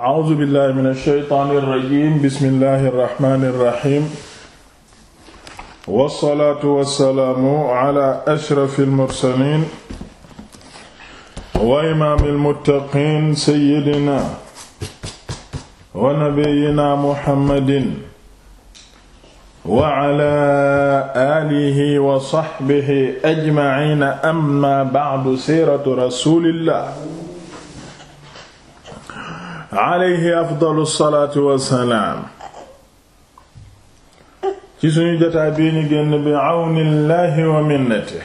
a'uuzu billahi mina shaytaani rajiim bismillahi rahmaani rahiim wassalaatu wassalaamu ala ashrafil mursaliin wa imaamil muttaqiin sayyidinaa wa nabiyyinaa muhammadin wa ala aalihi wa sahbihi ajma'iin amma ba'du siiratu rasuulillah alayhi afdalu salaatu wassalaam ci suñu jotaay bii ñu génn bi àwnillaahi wa minnati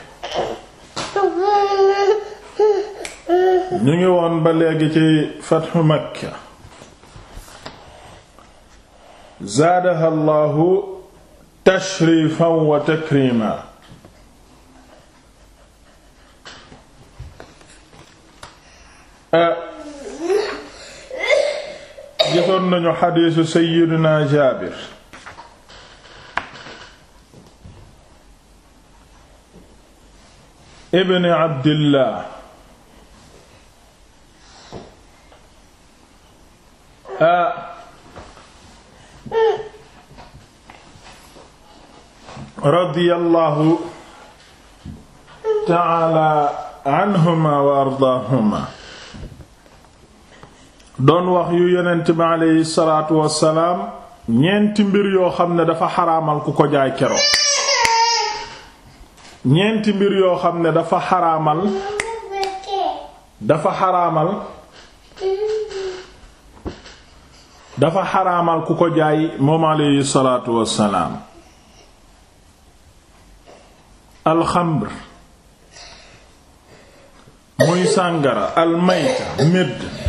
ñu ngi woon ba léegi ci fatxu makka zaadaha allahu tashrifan wa takrima euh, gisoon nañu xadiisu sayyidina Jaabir ibn Abdillah a radiyallahu ta'ala anhuma wa ardaahuma doon wax yu yonent bi aleyhi salaatu wassalaam ñeenti mbir yoo xam ne dafa xaraamal ku ko jaay kero ñeenti mbir yoo xam ne dafa xaraamal dafa xaraamal dafa xaraamal ko jaay moom aleyhi salaatu wassalaam alxamr muy sàngara almayta médd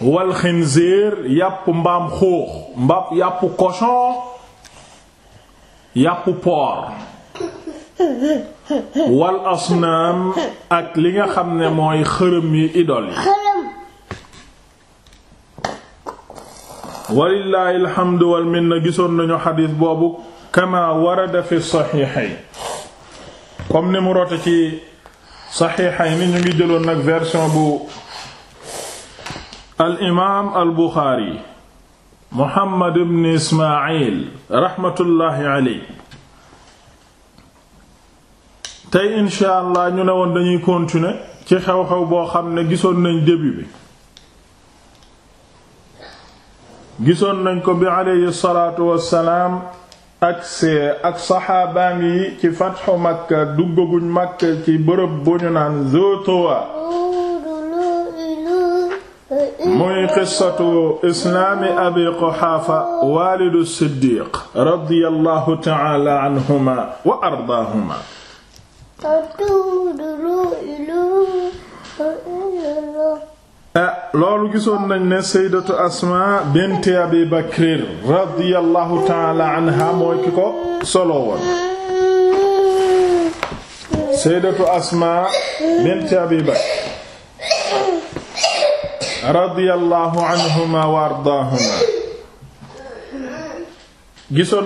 wal xinziir yàpp mbaam xuux mbaam yàppu cochon yàpp porc wal asnaam ak li nga xam ne mooy xërëm yi idol yi walillaahi alhamdu wal minna gisoon nañu xadiis boobu kama warada fi saxiixayn comme ni mu rote ci saxiixayn ni ñu ngi jëloon nag version bu al imaam al buxaari muhammad ibn ismaayil raxmatullaahi aley tey insha ñu ne woon dañuy continuer ci xew-xew boo xam ne gisoon nañ début bi gisoon nañ ko bi aleyhi salaatu salaam ak see ak saxaabaam yi ci fatxu makka duggaguñ makka ci bërëb bu ñu naan zotowa muy qissatu islaami abi quxaafa waalidu eh, ne saydatu asma bint abi bakrir radiyallahu ta'ala anha mooy ki ko asma radiyallahu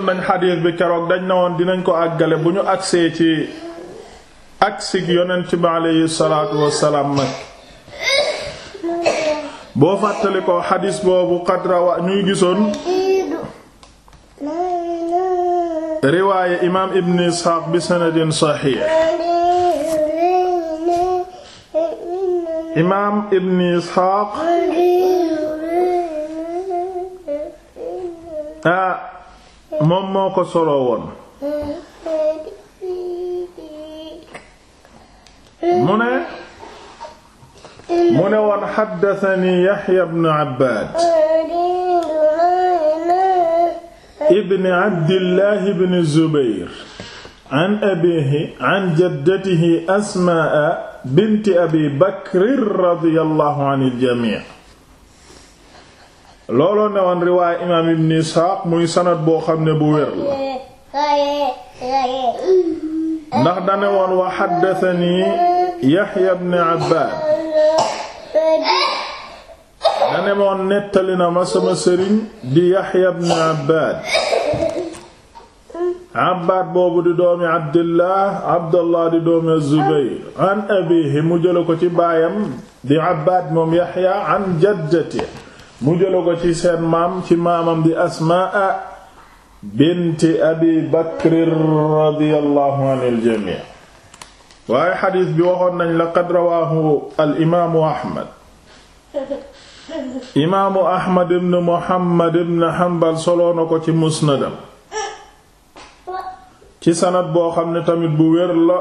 nañ xadiis bi keroog dañ na woon dinañ ko àggale bu ñu agsee ci agsig yonent bi aleyhi salaatu boo fàttali xadiis boobu qadra wa ñuy gisoon riwaaye imaam ibn isxaaq bi sanadin saxiix imaam ibn Isxaaq ah moom moo ko solo woon mu ne mu ne woon xaddatani Yaxya ibn Abbaad ibn Abdillah ibn Zubayr an abiihi an jaddatihi Asmaa binti abi bakrin radiyallahu looloo ne woon riwaay imaam ibn isxaaq muy sanad boo xam ne bu wér la ndax dane woon wa xaddatani yaxya ibn abbaad dane moon nettali na ma sama sëriñ di yaxya ibn abbaad Abbaad boobu di doomi Abdullah Abdullah di doomi Zubayr an abiihi mu jëla ko ci baayam di Abbaad moom Yaxya an jaddati mu jëla ko ci seen maam ci maamam di Asmaa binti Abi Bakr radiyallahu anil jamii waaye xadiis bi waxoon nañ laqad rawaahu al imaamu Ahmad imaamu Ahmad ibn Muhammad ibn Hanbal solo na ko ci musnadam ci sanad boo xam ne tamit bu wér la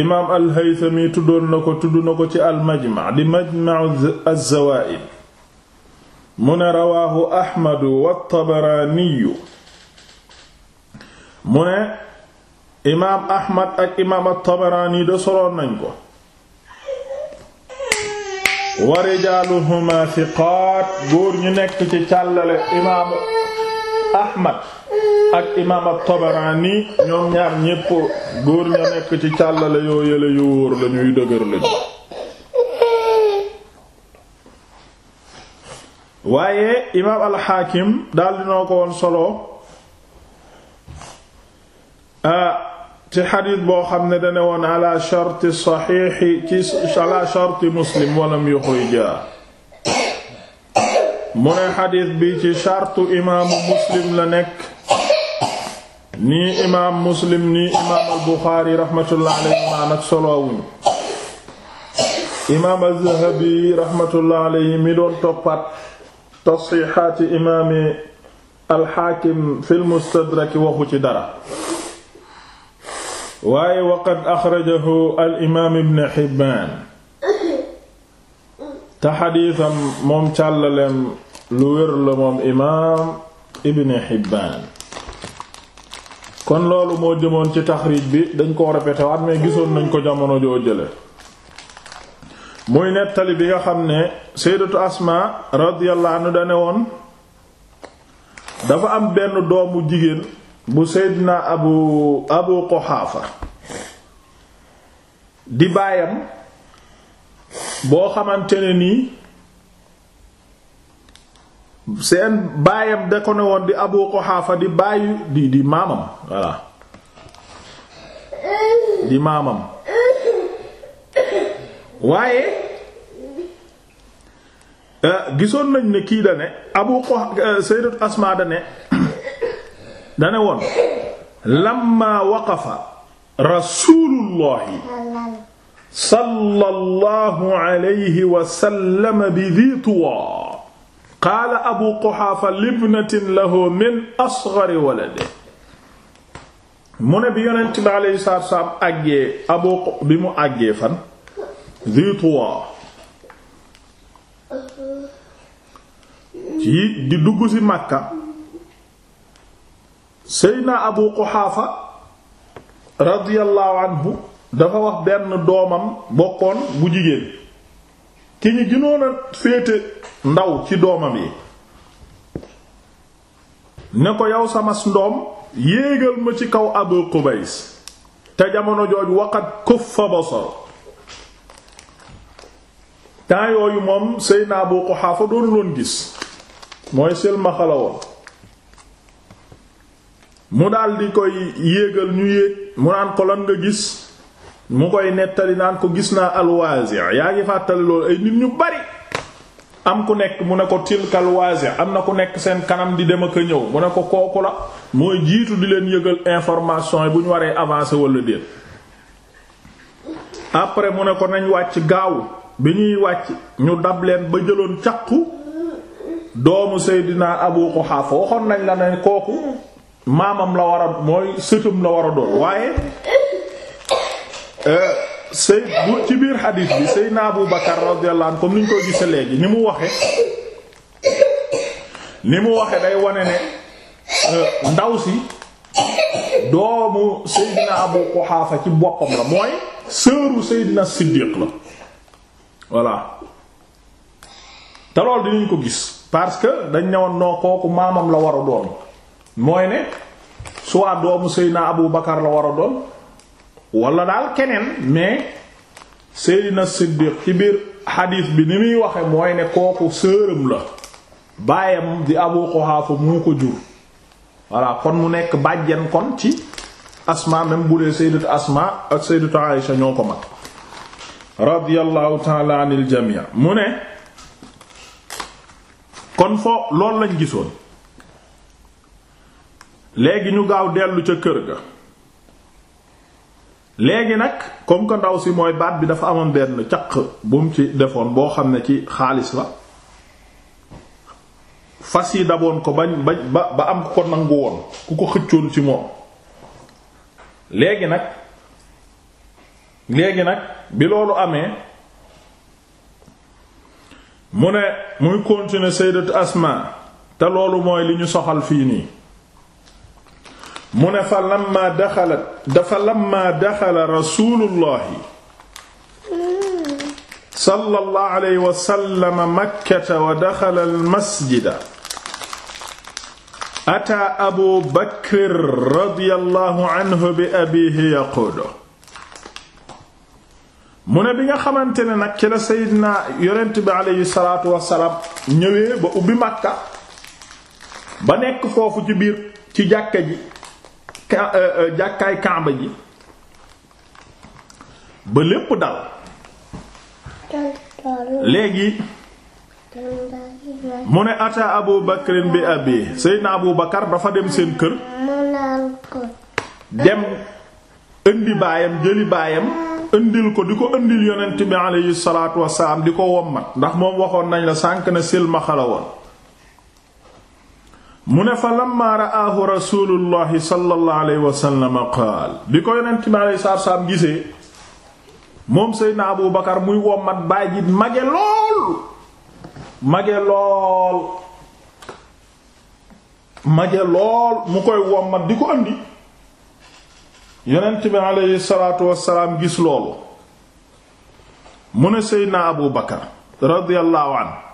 imaam al-Haythami tuddoon na ko tudd na ko ci al-Majma' di Majma' az-Zawaa'id mu ne rawaahu Ahmad wa at mu ne imaam Ahmad ak imaam at de soloon nañ ko wa rijaaluhumaa thiqaat góor ñu nekk ci càllale imaamu Ahmad ak imaam at-Tabarani ñoom ñaar ñépp góor ña nekk ci càllale yoo yële yu wóor lañuy dëgër lañu waaye imaam al-Hakim daldi noo ko woon solo ci xadiis boo xam ne dane woon ala sharti saxiixi ci muslim walam yuxrijaa mu ne bi ci shartu imaamu muslim la nekk nii imaam muslim nii imaam al buxaari raxmatullah alayhi nag soloowuñu imaam az-zahabi raxmatullah alayhi mi doon toppat tasxiixaati imaami alxaakim ci dara waaye waqad axrajahu al ibn xibbaan te xadiisam moom càllaleem la moom imaam ibn xibbaan kon loolu moo jëmoon ci taxriij bi dañ koo répété waat mais gisoon nañ ko jamono joo jële muy nettali bi nga xam ne sayyidatu asma radiyallahu anha dane woon dafa am benn doomu jigéen bu sayyidina abu abu quxaafa di baayam boo xamante ne nii seen baayam da ko ne woon di Abu Quhafa di baayu di maamam waaye euh, gisoon nañ ne kii da ne Abu Quhafa euh, Sayyidatu Asma da ne woon lamma waqafa rasulullahi sallallahu alayhi wa bi Dhi Tuwa qaala abu quxaafa libnatin lahu min asghari walade mu ne bi yonent bi alayhi salaatu wassalaam àggee abu bi mu àggee fan zi tuwa ci di dugg ci Makka Seydina abu quxaafa radiyallahu anhu dafa wax benn doomam bokkoon bu jigéen ki ñu gënoon a féete ndaw ci doomam yi ne ko yow sama ndoom yéegal ma ci kaw Abu Qubays te jamono jooj waqat kuffa basar temps yooyu moom Seydina Abu Quhafa doonu loon gis mooy silmaxala woon mu daldi koy yéegal ñu yéeg mu naan ko lan nga gis mu koy nettali naan ko gis naa alwaasi yaa ngi fàttali loolu ay nit ñu bari am ku nekk mu ne ko tilkal waasi am na ku nekk seen kanam di dem ak a ñëw mu ne ko kooku la mooy jiitu di leen yëgal information yi bu ñu waree avancer wala déet après mu ne ko nañ wàcc gaaw bi ñuy wàcc ñu dab leen ba jëloon caqu doomu Seydina Abu Quhafa waxoon nañ la ne kooku maamam la war a mooy sëtam la war a doon waaye Euh, say bu ci biir xadiis bi Seydina Abu Bakar radiyallahu anhu comme ni ñu koy gise léegi ni mu waxe ni mu waxe day wane ne euh, ndaw si doomu Seydina Abu Quhafa ci boppam la mooy sëru Seydina Siddiq la voilà te lool dinañ ko gis parce que dañ ne woon noo kooku maamam la war a doon mooy ne soit doomu Seydina Abu Bakar la war a doon wala daal keneen mais Seydina Siddiq ci biir xadiis bi ni muy waxe mooy ne kooku sëram la baayam di Abu Quhaafa moo ko jur voilà kon mu nekk bàjjen kon ci Asma même bu dee Sayyidatu Asma ak Sayyidatu Aïsha ñoo ko mag radiyallahu ta'ala anil jami' mu ne kon foo loolu lañ gisoon léegi ñu gaaw dellu ca kër ga léegi nag comme que ndaw si mooy baat bi dafa amoon benn caq bu mu ci defoon boo xam ne ci xaalis la fas yi daboon ko bañ ba ba am ku ko nangu woon ku ko xëccoon ci moom léegi nag léegi nag bi loolu amee mu ne muy continuer sayyidatu Asma te loolu mooy li ñu soxal fii nii mu ne fa lamma daxalat dafa lamma daxala rasulullahi sallallahu alayhi wa sallam makkata wa daxala almasjida ataa abu bakr radiyallahu anhu bi abihi yaquudu mu ne bi nga xamante ne nag ci la seydina yonent bi aleyhi salaatu wasalaam ñëwee ba ubbi makka ba nekk foofu ci biir ci jàkka ji ka euh, euh, jàkkaay Kaaba ji ba lépp dal léegi mu ne ata abu bakrin bi abi seydna abu bakar dafa dem seen kër dem indi baayam jëli baayam indil ko di ko indil yonent bi aleyhi salaatu wasalaam di ko wommat ndax moom waxoon nañ la sànk na silmaxa woon mu ne fa lamma ra'aahu rasulullahi sallallahu alayhi wa qaal bi ko yonent bi alayhi salaatu gisee moom Seydina Abu Bakar muy wommat baay ji mage lool mage lool mage lool mu koy wommat di ko andi yonent bi alayhi salaatu wasalaam gis loolu mu ne Seydina Abu Bakar radiyallahu anhu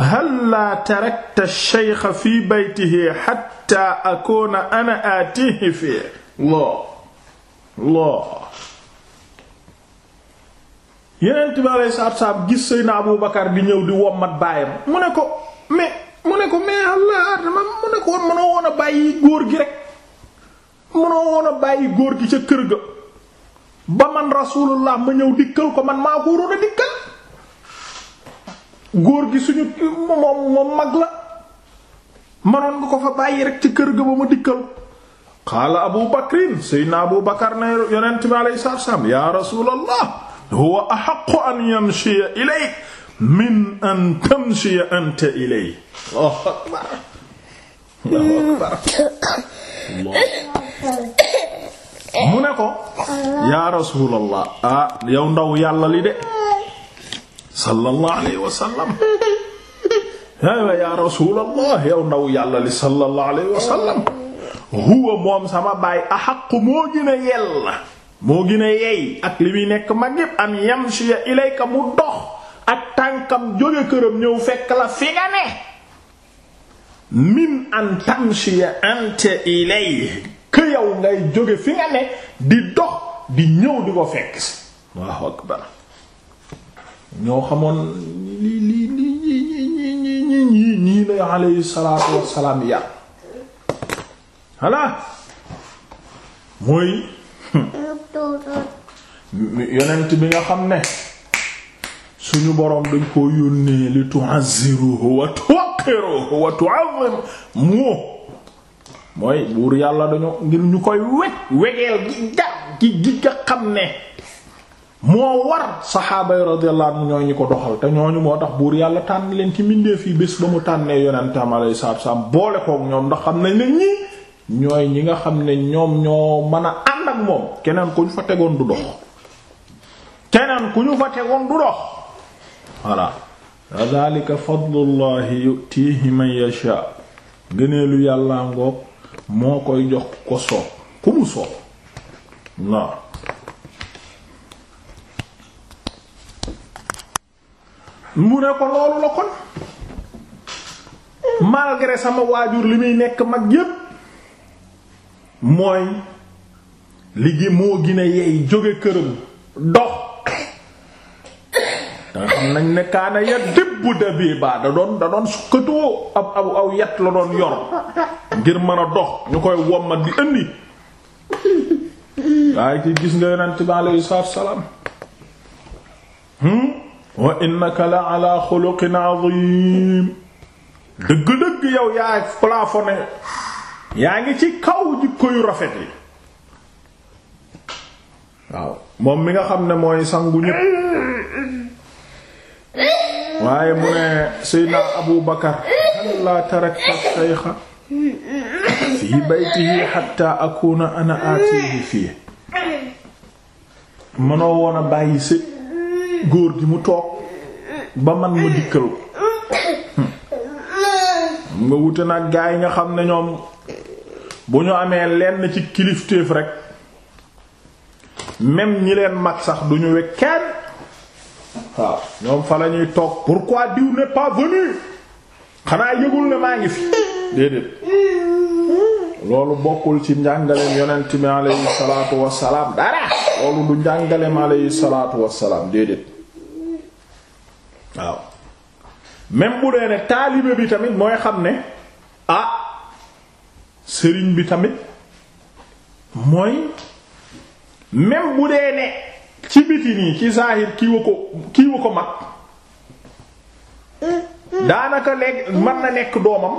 hallaa tarakta shaykha fi baytihi hatta akoona ana aatihi fi loo loo yeneen bi aleyhi salaatu salaam gis Seydina Abu Bakar di ñëw di wommat baayam mu ne ko mais mu ne ko mais allah ma mu ne ko mënoo woon a bàyyi góor gi rek mënoo woon a bàyyi góor gi ca kër ga ba man rasulullah ma ñëw dikkal ko man maa ko waroon a dikkal góor gi suñu moom moom mag la manoon nga ko fa bàyyi rek ci kër ga ba ma dikkal qaala abu bakrin seydna abu bakar ne salaam ya rasuulallah huwa ahaqqu an yamshiya ilayk min an tamshiya anta ilayhi mu ne ko ya rasuulallah ah, yow ndaw yàlla li de sallallahu alayhi wa yàlla li sallallahu alayhi wa huwa moom sama baay axaqu moo gën a yell moo gën a yey ak li muy nekk mag yépp am yamshiya ilayka mu dox ak tànkam jóge këram ñëw fekk la fi nga ne min an tamshiya anta ilay ke yow ngay jóge fi nga ne di dox di ñëw di ko fekk si ñoo xamoon lii lii lii ñii ñii ñii lay alayhi salaatu wassalaam yar voilà mooy yonent bi nga xam ne suñu boroom dañ koo yónnee li tu'azziruhu wa tuqiruhu wa tu'azzimu moo mooy buur yàlla dañoo ngir ñu koy weg wegeel gi nga gi gi nga xam ne moo war saxaaba yi radiyallahu anhu ñooñu ko doxal te ñooñu moo tax buur yàlla tànn leen ci mbindeef fii bés ba mu tànnee yonentam alayhi salaatu salaam boole kook ñoom ndax xam nañ ne ñii ñooy ñi nga xam ne ñoom ñoo mën a ànd ak moom keneen ku ñu fa tegoon du dox keneen ku ñu fa tegoon du dox voilà wa dhalika fadlullahi yu'tihi man yasha gëneelu yàlla ngoog moo koy jox ko soob ku mu soob waaw mu ne ko loolu la kon malgré sama waajur li muy nekk mag yépp mooy ligi moo gine yey jóge këram dox da xam nañ ne kaana ya dibbu dabiba da doon da doon sukkatoo ab aw aw yat la doon yor ngir mën a dox ñu koy wommat di indi waaye ki gis nga yonent bi alayhi salaam hmm? wa innaka la ala xuluqin azim dëgg-dëgg yow yaa plafonné yaa ngi ci kaw jikko yu rafet yi waaw moom mi nga xam ne mooy sangu ñépp waaye mu ne Seydina Abu Bakar hal laa tarakta shaykha fi baytihi hatta akuna ana atihi fii mënoo woon bàyyi sëy góor gi mu toog ba man ma dikkal ko hmm. nga wute nag gaa yi nga xam ne ñoom bu ñu amee lenn ci kilifteef rek même ñi leen mag sax du ñu wekk kenn waaw ñoom fa la ñuy toog pourquoi diw n'est pas xanaa yëgul ne maa ngi fi déedéet loolu bokkul ci njàngaleem yonent mi aleyhi salaatu wassalaam dara loolu du njàngaleem aleyhi salaatu wassalaam déedéet waaw même bu dee ne taalibe bi tamit mooy xam ne ah, sëriñ bi tamit mooy même bu dee ne ci biti nii ci zahir kiiwa ko kiiwa ko mag daanaka léegi mën na nekk doomam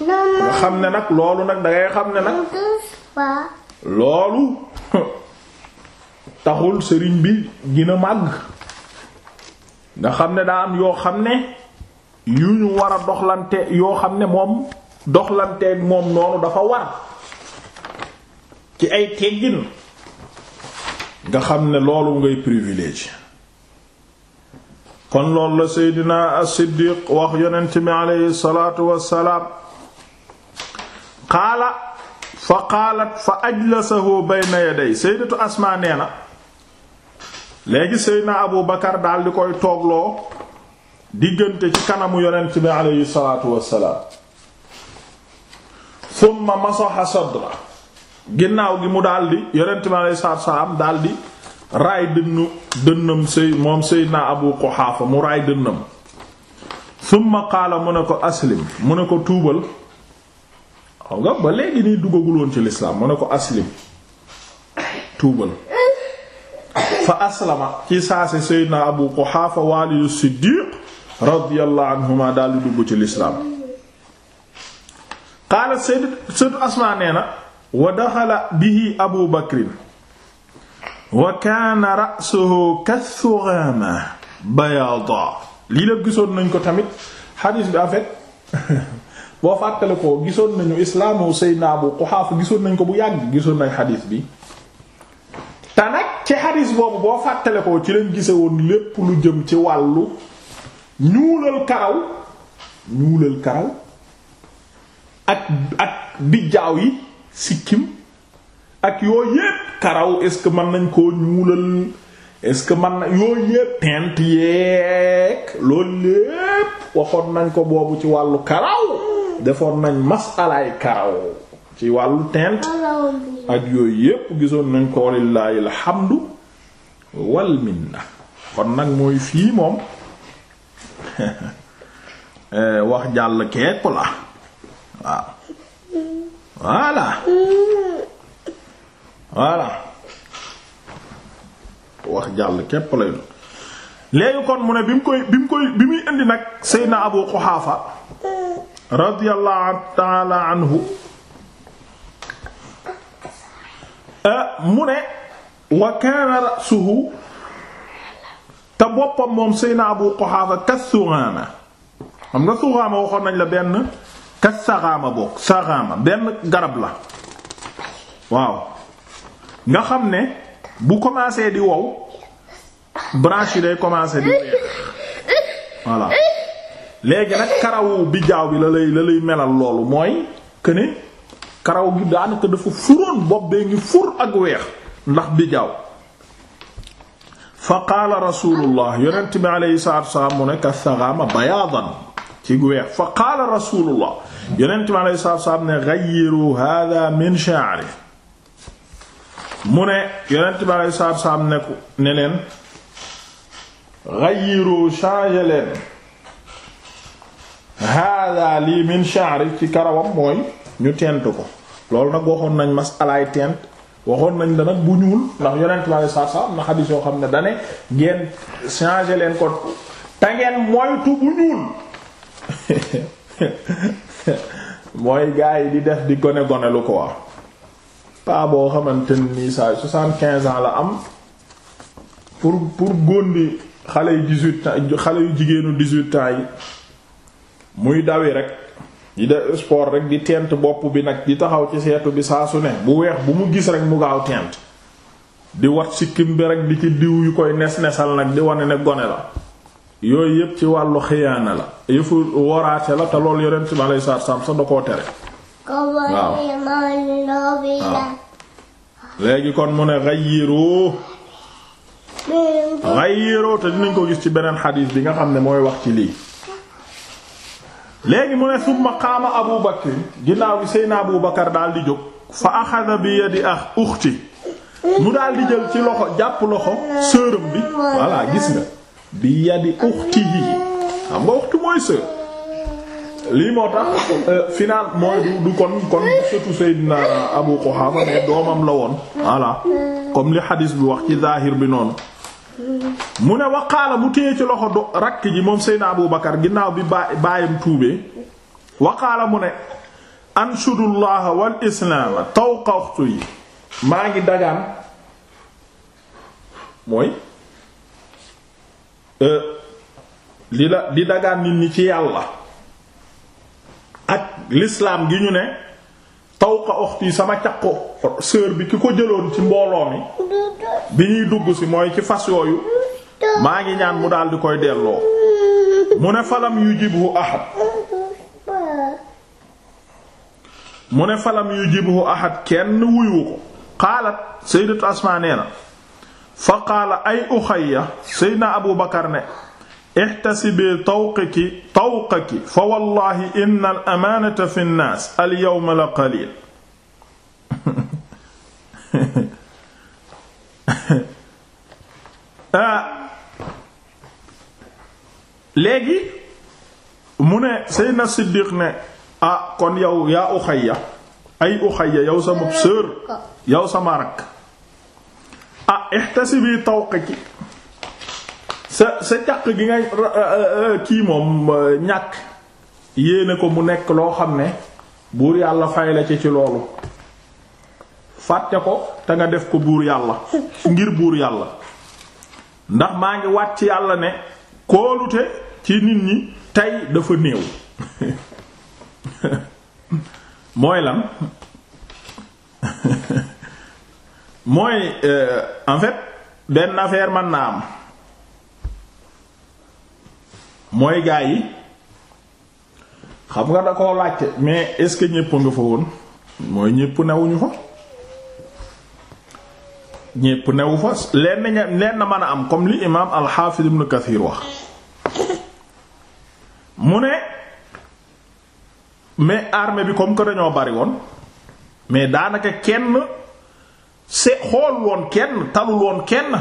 nga xam ne nag loolu nag dangay xam ne nag loolu taxul sëriñ bi gina màgg nga xam ne daa am yoo xam ne yu ñu war a doxlante yoo xam ne moom doxlanteeg moom noonu dafa war ci ay teggin nga xam ne loolu ngay privilège kon loolu la Seydina as-Siddiq wax yonent bi aleyhi salaatu wassalaam qaala fa qaalat fa ajlasahu bayna yaday sayyidatu asma nee na léegi seydna abu bakar daldi di koy toogloo diggante ci kanamu yonent bi aleyhi salaatu wassalaam summa masaha sadra ginnaaw gi mu daldi di yonent bi aleyhi salaatu wassalaam daal di raay dënnu dënnam sëy moom seydna abu quxaafa mu raay dënnam summa qaala mu ne ko aslim mu ne ko tuubal xaw nga léegi nii dugaguloon ci lislaam mu ne ko aslim tuubal fa aslama ci saase seydina abu quxaafa waalidu siddiq radiyallahu anhuma daldi dugg ci lislaam qaala sayyidatu asmaa nee na wa daxala bihi abu bakrin wa kaana ra'suhu kathugaama bayaada lii la gisoon nañ ko tamit xadiis bi en boo fàttale ko gisoon nañu islaamu Seydina Abu Quhaafa gisoon nañ ko bu yàgg gisoon nañ xadiis bi te ci xadiis boobu boo fàttale ko ci leen gise woon lépp lu jëm ci wàllu ñuulal karaw ñuulal karaw ak ak bijjaaw yi sikkim ak yooyu yépp karaw est-ce que mën nañ koo ñuulal est-ce que man na yooyu yépp teint yeeg loolu lépp waxoon nañ ko boobu ci wàllu karaw defoon nañ masalaay karaw ci wàllu teint ak yooyu yépp gisoon nañ ko wallaahi alhamdu wal minna kon nag mooy fii moom eh, wax jàll keeku la waaw voilà voilà wax jàll képp lay doon léegi kon mu ne bi mu koy bi mu koy bi muy indi nag Seydina Abu Quhafa radiyallahu taala anhu ah, mu ne wa kaana te boppam moom seyna abu quhaafa kas sugaama xam nga sugaama waxoon nañ la benn kas sagaama boog sagaama benn garab la waaw nga xam ne bu commencé di wow branche yi day commencé di weex voilà léegi nag karawu bijaaw bi la lay la lay melal loolu mooy këne karaw gi daanaka dafa furoon bopp ngi fur ak weex ndax bijaaw fa qaala rasulullah yonent bi aleyhi salaatu mu ne ka saxaama bayaadan ci weex fa qaala ne ghayyiru haadaa min sha'ri mu ne yonent bi aleyhi salaatu wasalaam ne ku ne leen hada lii min yi ci karawam mooy ñu tent ko loolu nag waxoon nañ masalaay tent waxoon nañ la nag bu ñuul ndax yonent bi saa saa am na xadis yoo xam ne dane ngeen changé leen ko te moytu bu ñuul mooy gars yi di def di gone gone lu ko wax paa boo xamante ni saa soixante-quinze ans la am pour pour góndi xale yu dix-huit xale yu jigéenu dix-huit yi muy dawi rek di def sport rek di tent bopp bi nag di taxaw ci seetu bi saa su ne bu weex bu mu gis rek mu gaaw tent di wat sikkim bi rek di ci diw yu koy nes-nesal nag di wane ne gone la yooyu yépp ci wàllu xiyaana la yëfu woraate la te loolu yonent bi aleyhi salaatu salaam tere léegi kon mu ne xayiru xayiru te dinañ ko gis ci beneen xadiis bi nga xam ne mooy wax ci lii léegi mu ne summa qaama abu ginnaaw gi seyna abu bakar daal di jóg fa axada bi yadi ak ah uxti mu daal di jël ci loxo jàpp loxo sërëm bi voilà gis nga bi yadi uxti yi xam nga uxti mooy sër lii moo tax euh, final mooy du du kon kon surtout seydina abu quhafa mais doomam la woon voilà comme li xadiis bi wax ci zahir bi noonu mu ne waqaala bu téye ci loxo do rakk ji moom Seydina Abu Bakar ginnaaw bi baay baayam tuubee waqaala mu ne anshudullaha wal islaama tawqaxtu yi maa ngi dagaan mooy li euh, la di dagaan nit ñi ci yàlla ak lislaam gi ñu ne fawqa ukhti sama caqu sœur bi ki ko jëloon ci mbooloo mi bi ñuy dugg si mooy ci fas yooyu maa ngi ñaan mu daal di koy delloo mu ne falam yujibhu ahad mu ne falam yujibhu ahad kenn wuyu ko qaalat sayyidatu asma nee na fa qaala ay ukhayya sayyidina abu bakar ne ihtasibi tawqiki tawqiki fa wallahi inna al amaanata fi nnaas al yawma la qaliil ah, léegi mu ne Seydina Siddiq ne ah kon yow yaa uxayya ay uxayya yow sama sœur yow sama rak ah ihtasibi tawqiki sa sa càq gi nga kii moom euh, ñàkk yéene ko mu nekk loo xam ne buur yàlla fay la ci ci loolu fàtte ko te nga def ko buur yàlla ngir buur yàlla ndax maa ngi wàcc yàlla ne kóolute ci nit ñi tey dafa néew mooy lan mooy euh, en fait benn affaire man naa am mooy gaa yi xam nga da koo laajte mais est-ce que ñépp nga fa woon mooy ñépp newuñu fa ñépp newu fa lenn ña lenn mën a am comme li imaam al-Hafiz Ibn wax mu ne mais armée bi comme que dañoo bari woon mais daanaka kenn se xool woon kenn talul woon kenn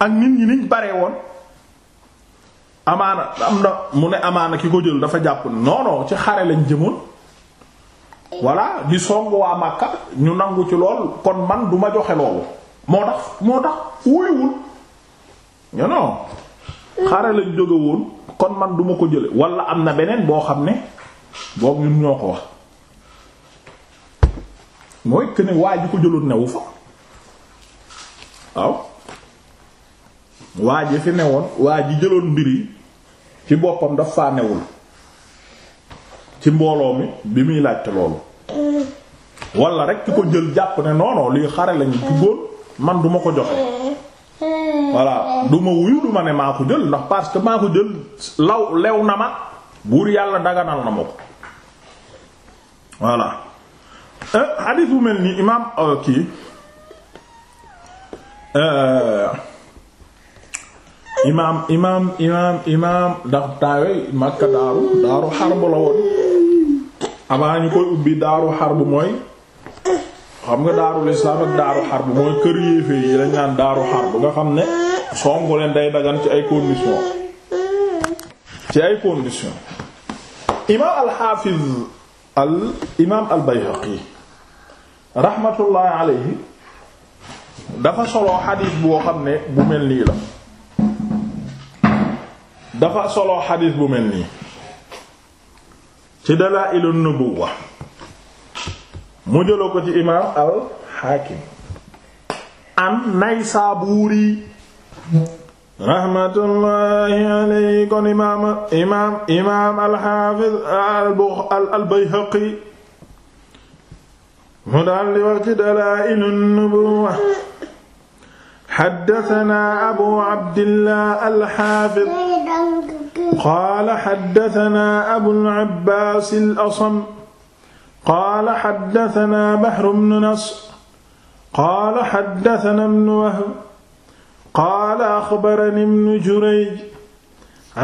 ak nit ñi niñ bare woon amaana am na mu ne amaana ki ko jël dafa jàpp non ci xare lañ jëmoon voilà di song waa Makka ñu nangu ci lool kon man du ma joxe loolu moo tax moo tax wuyuwul non xare lañ jóge kon man duma ko jële wala am na beneen boo xam ne boobu ñun ñoo ko wax mooy que ne waa ji ko jëloon newu fa waaw. waa ji fi newoon waa ji jëloon mbir yi ci boppam daf faa newul ci mbooloo mi bi muy laajte loolu wala rek ki ko jël jàpp ne noonon lii xare lañu duggoon man duma ko joxe voilà duma wuyu duma ne maa ko jël ndax parce que maa ko jël law lew na ma buur yàlla daganal na ma ko voilà euh, hadith bu mel ni imaam euh, kii euh, imaam imaam imaam imaam ndax taawee Makka daaru daaru xarb la woon avant ñu koy ubbi daaru xar bu mooy xam nga daarul islaam ak daaru xarb mooy kër yéefee yi lañ naan daaru bu nga xam ne songu leen day dagan ci ay conditions ci ay conditions imaam alxaafiz al imaam al bayhaqi raxmatullaahi alayhi dafa solo xadiis boo xam ne bu mel nii la dafa solo xadiis bu mel nii ci Dalaa'ilu Nubuwwa mu jëloo ko ci imaam al Haakim an Naysaabuuri raxmatullaahi alayhi kon imaam imaam imaam al Haafiz al Bayhaqi mu daal di wax ci Dalaa'ilu Nubuwwa xaddasanaa Abu Abdillah al Haafiz qaala xaddatanaa abul abbaas al asam qaala xaddatanaa bahru bnu nasr qaala xaddatanaa bnu wahb qaala axbarani bnu jurayj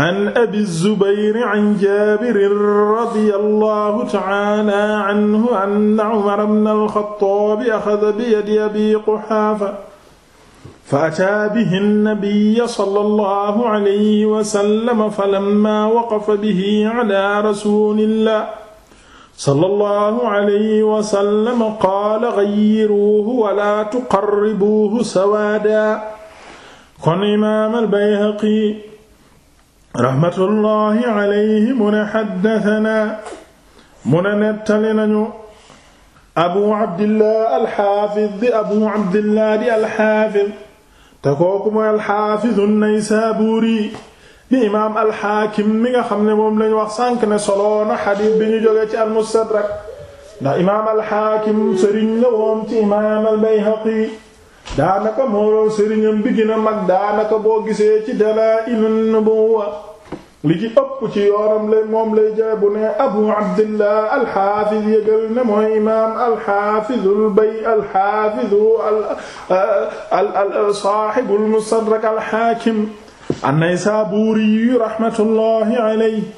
an abi zubayr an jaabirin radiyallahu ta'aala anhu anna umar bna al xattaab axada biyadi abi quxaafa fa ataa bihi nabiyya sallallahu alayhi wa sallam falammaa waqafa bihi ala rasulillah sallallahu alayhi wa sallam qaala ghayyiruuhu wa laa tuqarribuuhu sawaadan. kon imaam al-Bayhaqi rahmatullahi alayhi mu ne haddathanaa mu ne nettali nañu abu abdillah al-Haafiz abu abdillah al-Haafiz te kooku mooy alxaafizu naysaabuuri di imaam alxaakim mi nga xam ne moom lañu wax sànk ne solo na bi ñu jógee ci almustadrak ndax imaam alxaakim sëriñ la woon ci imaam albayhaqi daanaka moo lool sëriñam bi gën a mag daanaka boo gisee ci dalaa'ilun nubuwwa li ci ëpp ci yoonam lay moom lay jaay bu ne abu abdillah alxaafiz yëgal ne mooy imaam alxaafizul bay alxaafizu uh, al al uh, saaxibul mustadrak alxaakim an-Naysaabuuri rahmatullahi alayhi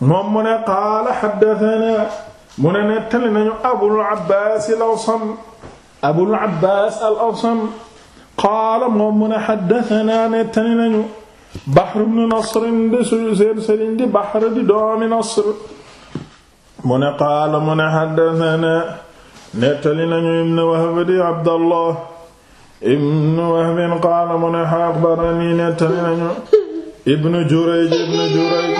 moom mu ne qaala haddasanaa mu ne nettali nañu abul abbaas al-Awsam abul abbaas al-Awsam qaala moom mu ne haddasanaa nettali nañu Bahr ibn Nasr di suñu seen sëriñ di Bahr di doomi Nasr mu ne qaala mu ne haddathana nettali nañu ibn Wahb di Abdallah ibn Wahb qaala mu ne akhbarani nettali nañu ibn Jurayj ibn Jurayj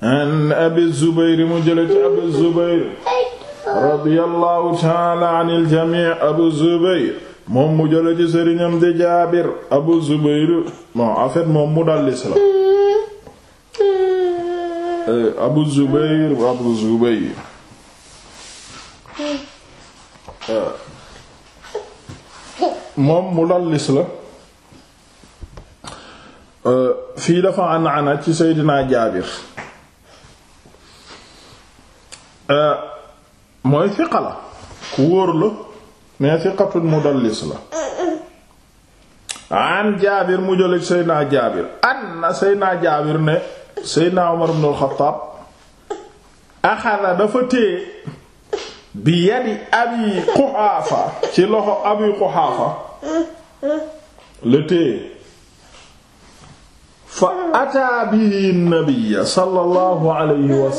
an Abi Zubayr mu jële ci Abi Zubayr radiyallahu ta'ala anil jami' Abu Zubayr moom mu jële ci sëriñam di jaabir abu zubayr bon en moom mu la euh, abu zubayr abu zubayr euh, moom mudallis la euh, fii dafa an ana ci seydinaa jaabir mooy fiqa la ku wóor la mais thiqatul mudallis la an jaabir mu jël ak seydna jaabir anna seydna jaabir ne seydna umar ibn al-Khattab dafa téye bi yadi abi quhaafa ci loxo abi quhaafa la téye fa ataa bihi nabiyya sallallahu alayhi wa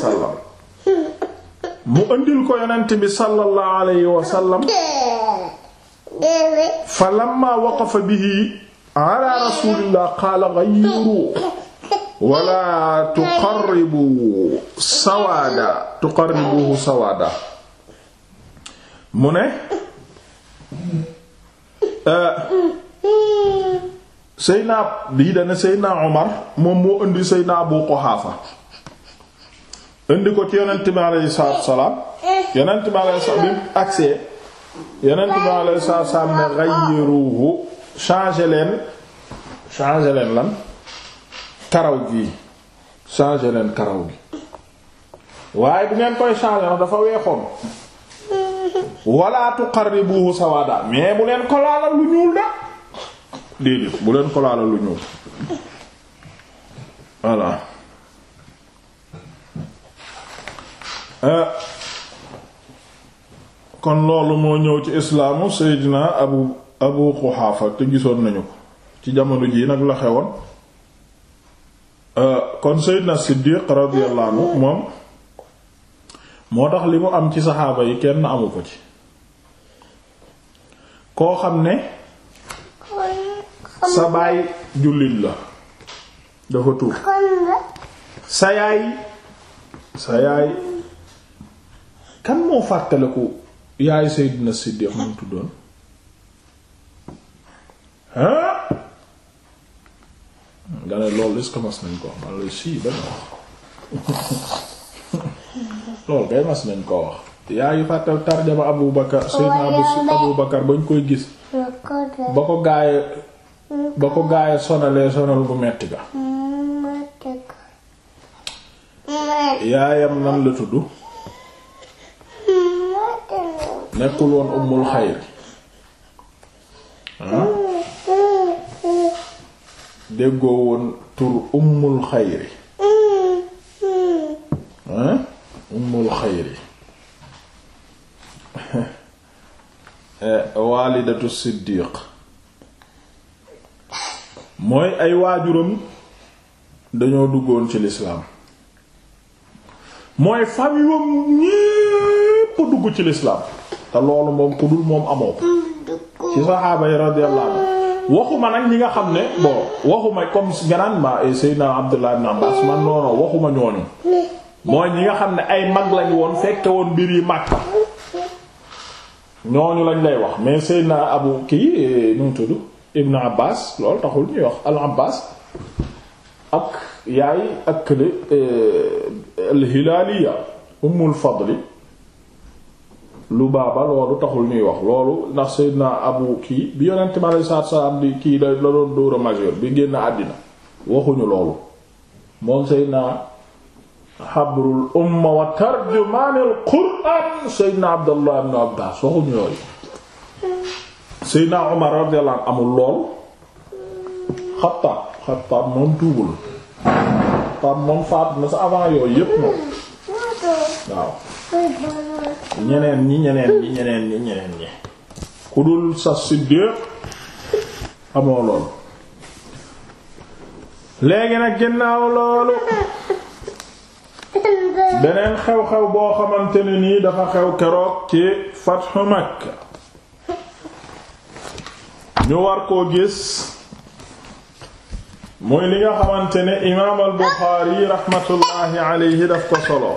mu andil ko yonent bi sallallahu alayhi wa fa lamma waqafa bihi ala rasulillah qaala ghayyiru wala tuqarribu sawaada tuqarribuhu sawaada mu ne eh, Seyna bii dana Seyna Omar moom moo indi Seyna Abu Quhafa indi ko ci yonent bi alayhi salaatu wa salaam eh. yonent bi alayhi salaam bi yeneen bi alayhi salaatu salaam ne ghayyiruhu changer leen changer leen lan karaw gi changer leen karaw gi waaye bu ngeen koy changer na dafa weexoon wala tuqarribuhu sawada mais bu leen ko laalal lu ñuul da déedéet bu leen ko laalal lu ñuul voilà euh, kon loolu moo ñëw ci islaamu seydina abu abu quxaafa te gisoon nañu ko ci jamono jii nag la xewoon euh, kon seydina siddiq radiyallahu anhu moom moo tax li mu am ci saxaaba yi kenn amu ko ci koo xam ne sa baay jullit la dafa tuub sa yaay sa yaay kan moo fàttaliku yaay Seydina Siddiq moom tuddoon ah nga ne loolu est-ce que nañ ko wax man la kay mas nañ ko wax yaa ngi fàttal tarjama Abu Bakar oh, Seydina Abu Bakar bañ koy gis ba ko gaaye ba ko gaaye sonalee sonal bu metti ga mm, yaayam nan la tudd nekkul woon ummul xayr ah. déggoo woon tur ummul xayri ah? ummul xayri eh, waalidatu siddiq mooy ay waajuram dañoo duggoon ci lislaam mooy famille ñépp dugg ci lislaam te loolu moom ku dul moom amoo ko ci saxaaba yi radiyallahu waxuma nag ñi nga xam ne bon waxuma comme ganaan ma eh, Seydina Abdullah ibn Abbas man noonu waxuma ñooñu mooy ñi nga xam ne ay mag lañ woon fekke woon mbir yi Makka ñooñu lañ lay wax mais Seydina Abu kii eh, nu mu tudd Ibn Abbas loolu taxul ñuy wax al Abbas ak yaay ak kële eh, al Hilaaliya Ummul Fadli lu baaba loolu taxul ñuy wax loolu ndax Seydina Abu kii bi yonent mi aleyhi salaatu salaam di kii la doon dóora majeur bi génn àddina waxuñu loolu moom Seydina xabrul umma wa tarjumaanil qur'aan Seydina Abdallah ibn Abbaas waxuñu yooyu Seydina Umar radiyallahu anhu amul lool Xattaab Xattaab moom tuubul Xattaab moom faat na sa avant yooyu yépp moom waaw ñeneen ñi ñeneen ñi ñeneen ñi ñeneen ñi ku dul sa Siddiq amoo loolu léegi nag ginnaaw loolu beneen xew-xew boo xamante ne nii dafa xew keroog ci Fathu Makka ñu war koo gis muy li nga xamante ne imaam al Buxaari raxmatullaahi alayhi daf ko solo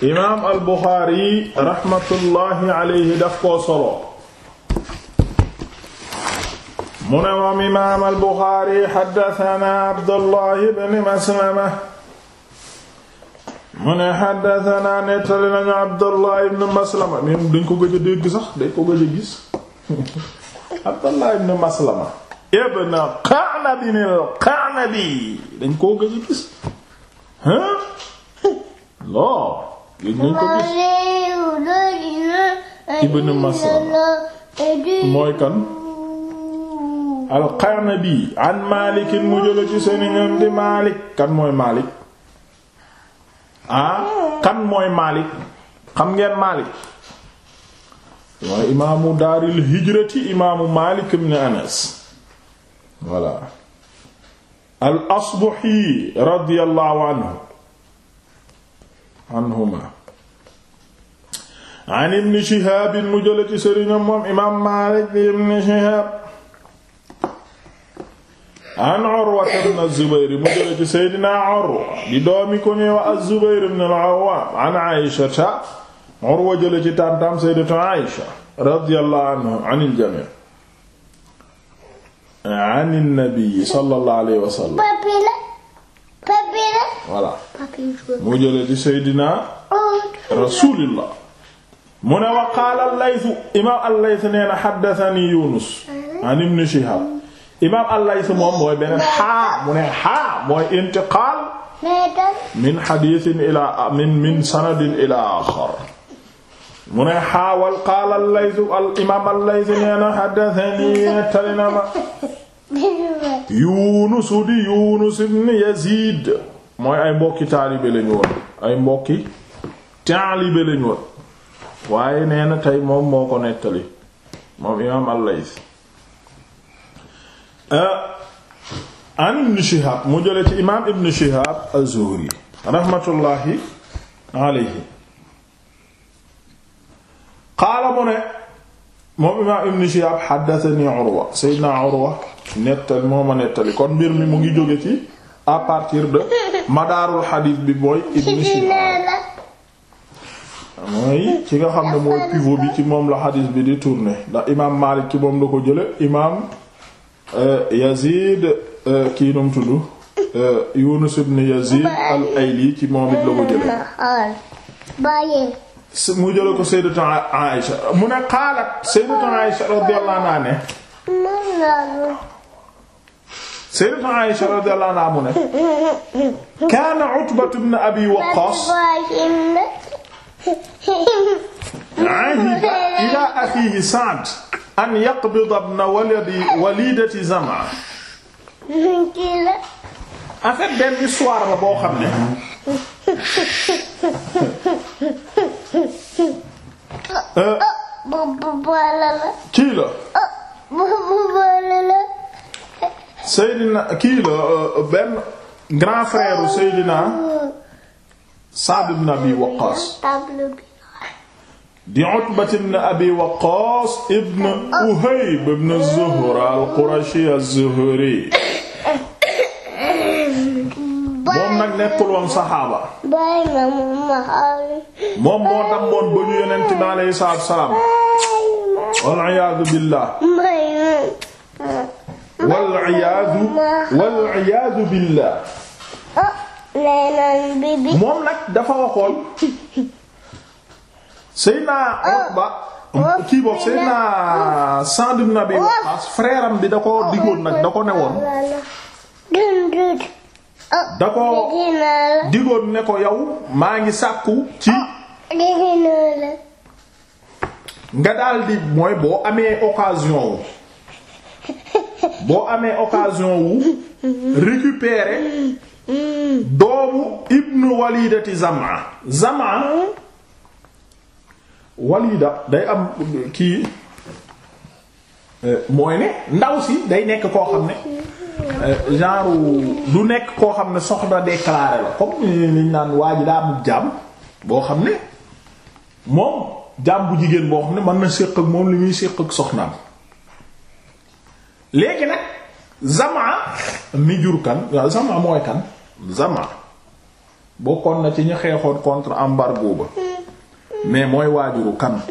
imaam al Buxaari raxmatullaahi alayhi daf koo solo mu ne moom imaam al Buxaari xaddasanaa Abdullahi ibn Maslama mu ne xaddasanaa nettali nañu Abdullahi ibn Maslama même dañ ko gëj a dégg sax dañ ko gëj a gis Abdullahi ibn Maslama ibn Qa'nabi al-Qa'nabi dañ koo gëj a gis hein non ibn Mas'ud mooy kan al-Qarnabi an Maalik mu jëla ci sëriñam di Maalik kan mooy Maalik ah kan mooy Maalik xam ngeen Maalik waaye imaamu daaril hijrati imaamu Maalik ibn Anas al-Asbahi radiyallahu anhu anhuma an ibni shihaabin mu jële ci sëriñam moom imaam maalik di ibni shihaab an urwa ibn az-zubayr mu jële ci seydina urwa di doomi ko ñuy wax az-zubayr ibn al-awwaam an aysata urwa jële ci tàntam sayyidatu aysa radiyallahu anhu an al-jamii an an-nabi sallallahu alayhi wa sallam voilà mu jële di seydinaa rasuulillah mu ne wa qaala allaythu imaam allaythu nee na xaddatani yunus an ibn shihab imaam allaythu moom mooy beneen xaa mu ne xaa di yunus ibn yazid mooy ay mbokki taalibe lañu woon ay mbokki taalibe lañu woon waaye nee na tey moom moo ko nettali moom imaam al-Layth euh, an ibn Shihab mu jële ci imaam ibn Shihab az-Zuhri raxmatullaahi alayhi qaala mu ne moom imaam ibn Shihab xaddatani Urwa seydina Urwa nettali moo ma nettali kon mbir mi mu ngi jóge ci à partir de madaarul xadiis bi mooy ci nga xam ne mooy pivot bi ci moom la xadiis bi di tourner ndax imaam Maalik ci moom la ko jële imaam euh, Yazid euh, kii nu euh, Yunus ibn Yazid al-Ayli ci moom it la ko jële mu jële ko sayyidatu Aïsha mu ne qaalat sayyidatu Aïsha radiyallahu anha Sayyidatu Aisha radiyallahu anha mu ne kaana Utbatu ibn Abi Waqqas ahida ilaa axiihi Sa'd an yaqbida ibna waladi walidati Zam'a en fait benn histoire la boo xam ne kii la Seydina kii la euh, benn grand frère Seydina Sa'd ibn Abi Waqqas di Utbat ibn Abi Waqqas ibn Uhayb ibn Zuhra al-Qurashi az-Zuhri moom nag nekkul woon saxaaba moom moo tax moom ba ñu yonent bi alayhi salaatu wa salaam wal iyaadu billah wal oh, iyaadu moom nag dafa waxoon Seydina oh, Utba oh, kii bi da ko digoon nag da ko newoon da ko digoon ne ko yow maa ngi sàkku ci nga daldi mooy boo amee occasion wu boo amee occasion wu récupérer doomu ibnu walidati Zamaa Zamaa walida day am kii euh, mooy ne ndaw si day nekk koo xam ne euh, genre du nekk koo xam ne soxna déclaré la comme liñ naan waa ji daa am jaam boo xam ne moom jaam bu jigéen boo xam ne man na séq ak moom lu ñuy séq ak soxnaam léegi nag Zama mi jur kan waaw Zama mooy kan Zama bokkoon na ci ñu xeexoon contre embargo ba mais mooy waajuru kan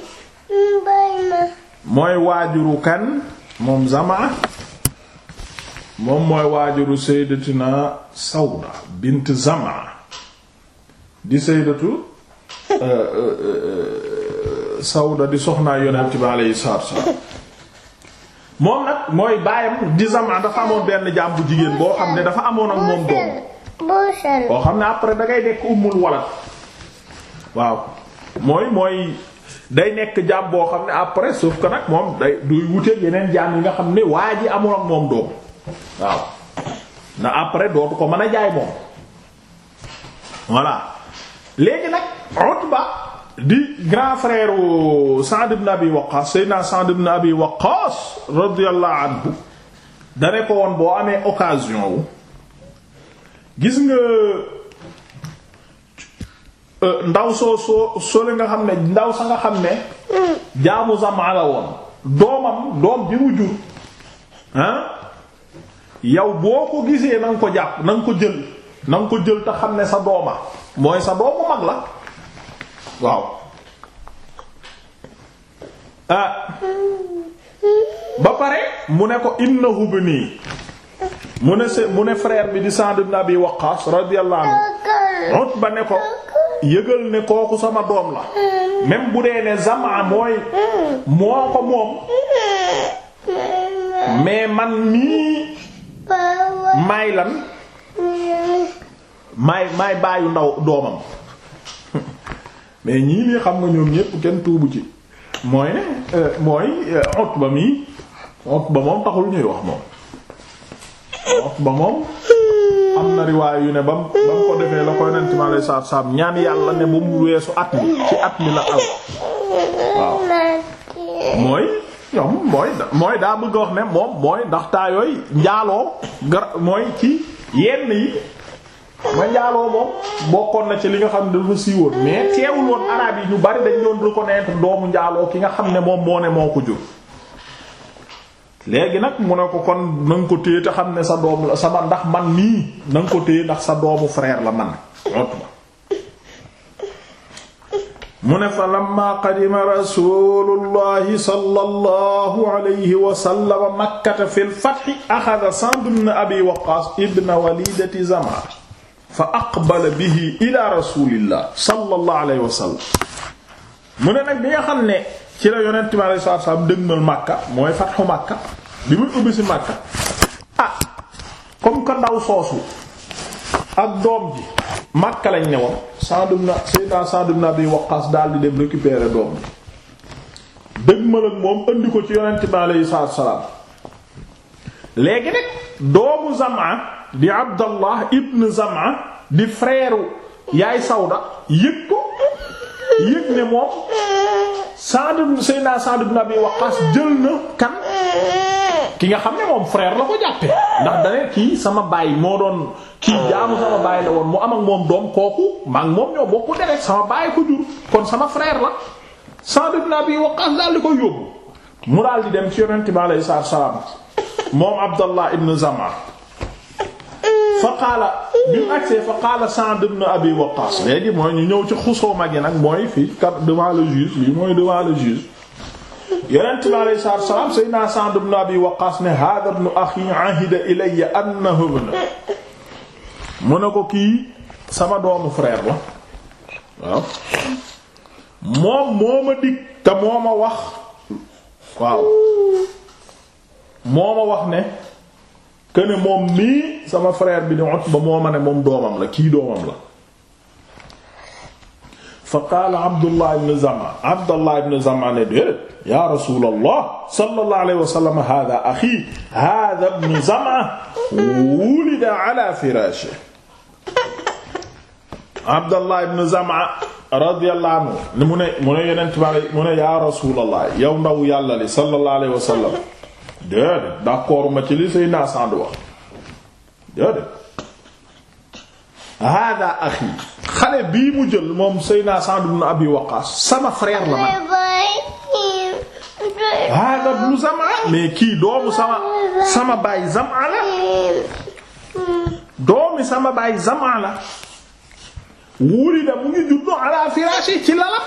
kan moom Zama moom mooy waajuru sayyidatina Sawda bint Zama di sayyidatu euh, euh, euh, Sawda di soxnaa yonent bi alayhi salaatu wa salaam moom nag mooy baayam di Zamaa dafa amoon benn jaam bu jigéen boo xam ne dafa amoon ak moom doom boo xam ne après dangay ngay nekk ummul walad waaw mooy mooy day nekk jaam boo xam ne après sauf que nag moom day duy wuteeg yeneen jaam yi nga xam ne waa ji amoon ak moom doom waaw na après dootu ko mën a jaay moom voilà léegi nag Utba di grand frère Sa'd ibn Abi Waqqas Seydina Sa'd ibn Abi Waqqas radiyallahu anhu dane ko woon boo amee occasion wu gis nga euh, ndaw soo soo sole nga xam ne ndaw sa nga xam ne jaamu Zam'a la woon doomam doom bi mu jur ah yow boo ko gisee na ko jàpp na ko jël nanga ko jël te xam ne sa dooma mooy sa doomu mag la waaw ah ba pare mu ne ko innahu bni mu ne se mu ne frère bi di Sa'd ibn Abi Waqqas radiyallahu ne ko yëgal ne kooku sama doom la même bu dee ne Zam'a mooy moo ko moom mais man mii maay lan may maay baayu ndaw doomam mais ñii nii xam nga ñoom ñépp kenn tuubu ci mooy ne euh, mooy euh, Utba mi Utba moom taxul ñuy wax moom Utba moom am na riwaay yu ne ba mu ba mu ko defee la koy nent ma saab saab ñaan yàlla ne bu mu weesu at mi ci at mi la al mooy ñoom mooy mooy daa bëgg wax ne moom mooy ndax taa yooyu njaaloo gar mooy ci yenn yi ma njaaloo moom bokkoon na ci li nga xam ne dafa siiwoon mais teewul woon araab yi ñu bari dañ doomu njaaloo ki nga xam ne moom moo ne moo ko jur léegi nag mu ne ko kon na nga ko téye te xam ne sa doom sa sama ndax man nii na nga ko téye ndax sa doomu frère la man Utba mu ne fa lamma qadima rasulullahi sallallahu alayhi wa sallam makkata fil fath axada Sa'd ibn abi Waqqas ibn walidati Zam'a fa aqbala bihi ila rasulillah sallallahu alayhi wa sallam mu ne nag bi nga xam ne ci la yonent bi alayhi salaam dëgmal Makka mooy fatxu Makka bi muy ubbi si Makka ah comme que ndaw soosu ak doom ji Makka lañ ne woon Sa'd ibn Sayyidina Sa'd ibn Abi Waqqas daal di dem récupérer doom ji dëgmal moom indi ko ci yonent bi alayhi salaatu salaam léegi nag doomu Zam'a di abdallah ibn zama di frère yaay sawda yëg ko yëg ne moom Saad ibn Seydina Saad ibn Abi Waqqas jël na kan ki nga xam ne moom frère la ko jàppe ndax dane kii sama baay moo doon kii jaamu sama baay la woon mu am ak moom doom kooku maa moom ñoo bokk deret sama baay ko jur kon sama frère la Saad ibn Abi Waqqas daal di ko yóbbu mu daal di dem ci yonent bi alayhi moom Abdallah ibn Zama fa qaala bi mu agsee fa qaala Sa'd ibn Abi Waqqas léegi mooy ñu ñëw ci xusoo mag yi nag mooy fii kat devant le juge lii mooy devant le juge yonent bi alayhi salaatu wa salaam Seydina Sa'd ibn Abi Waqqas ne haadha ibnu axii ahida ilayya annahu ibnu mu ne ko kii sama doomu frère la waaw moom moo ma dig moo ma wax waaw moo ma wax ne que ne moom mii sama frère bi di Utba moo ma ne moom doomam la kii doomam la fa qaala Abdullah ibn Zama Abdullah ibn Zama ne déedéet ya Rasulullah sallallahu alayhi wa sallam hada axi hada ibn Zama wulida ala firaashihi Abdullah ibn Zama radiyallahu anhu mu ne mu ne yonent bi mu ne ya Rasulullah yow ndaw yàlla li sallallahu alayhi wa sallam déedéet ci li say naa sànd wax déedéet hada xale bii mu jël moom Seydina Sa'd ibn Abi sama frère la man hada ibn Zam'a mais kii doomu sama sama baay Zam'a la doomi sama baay Zam'a la wulida mu ngi juddu ala firaashi ci lalam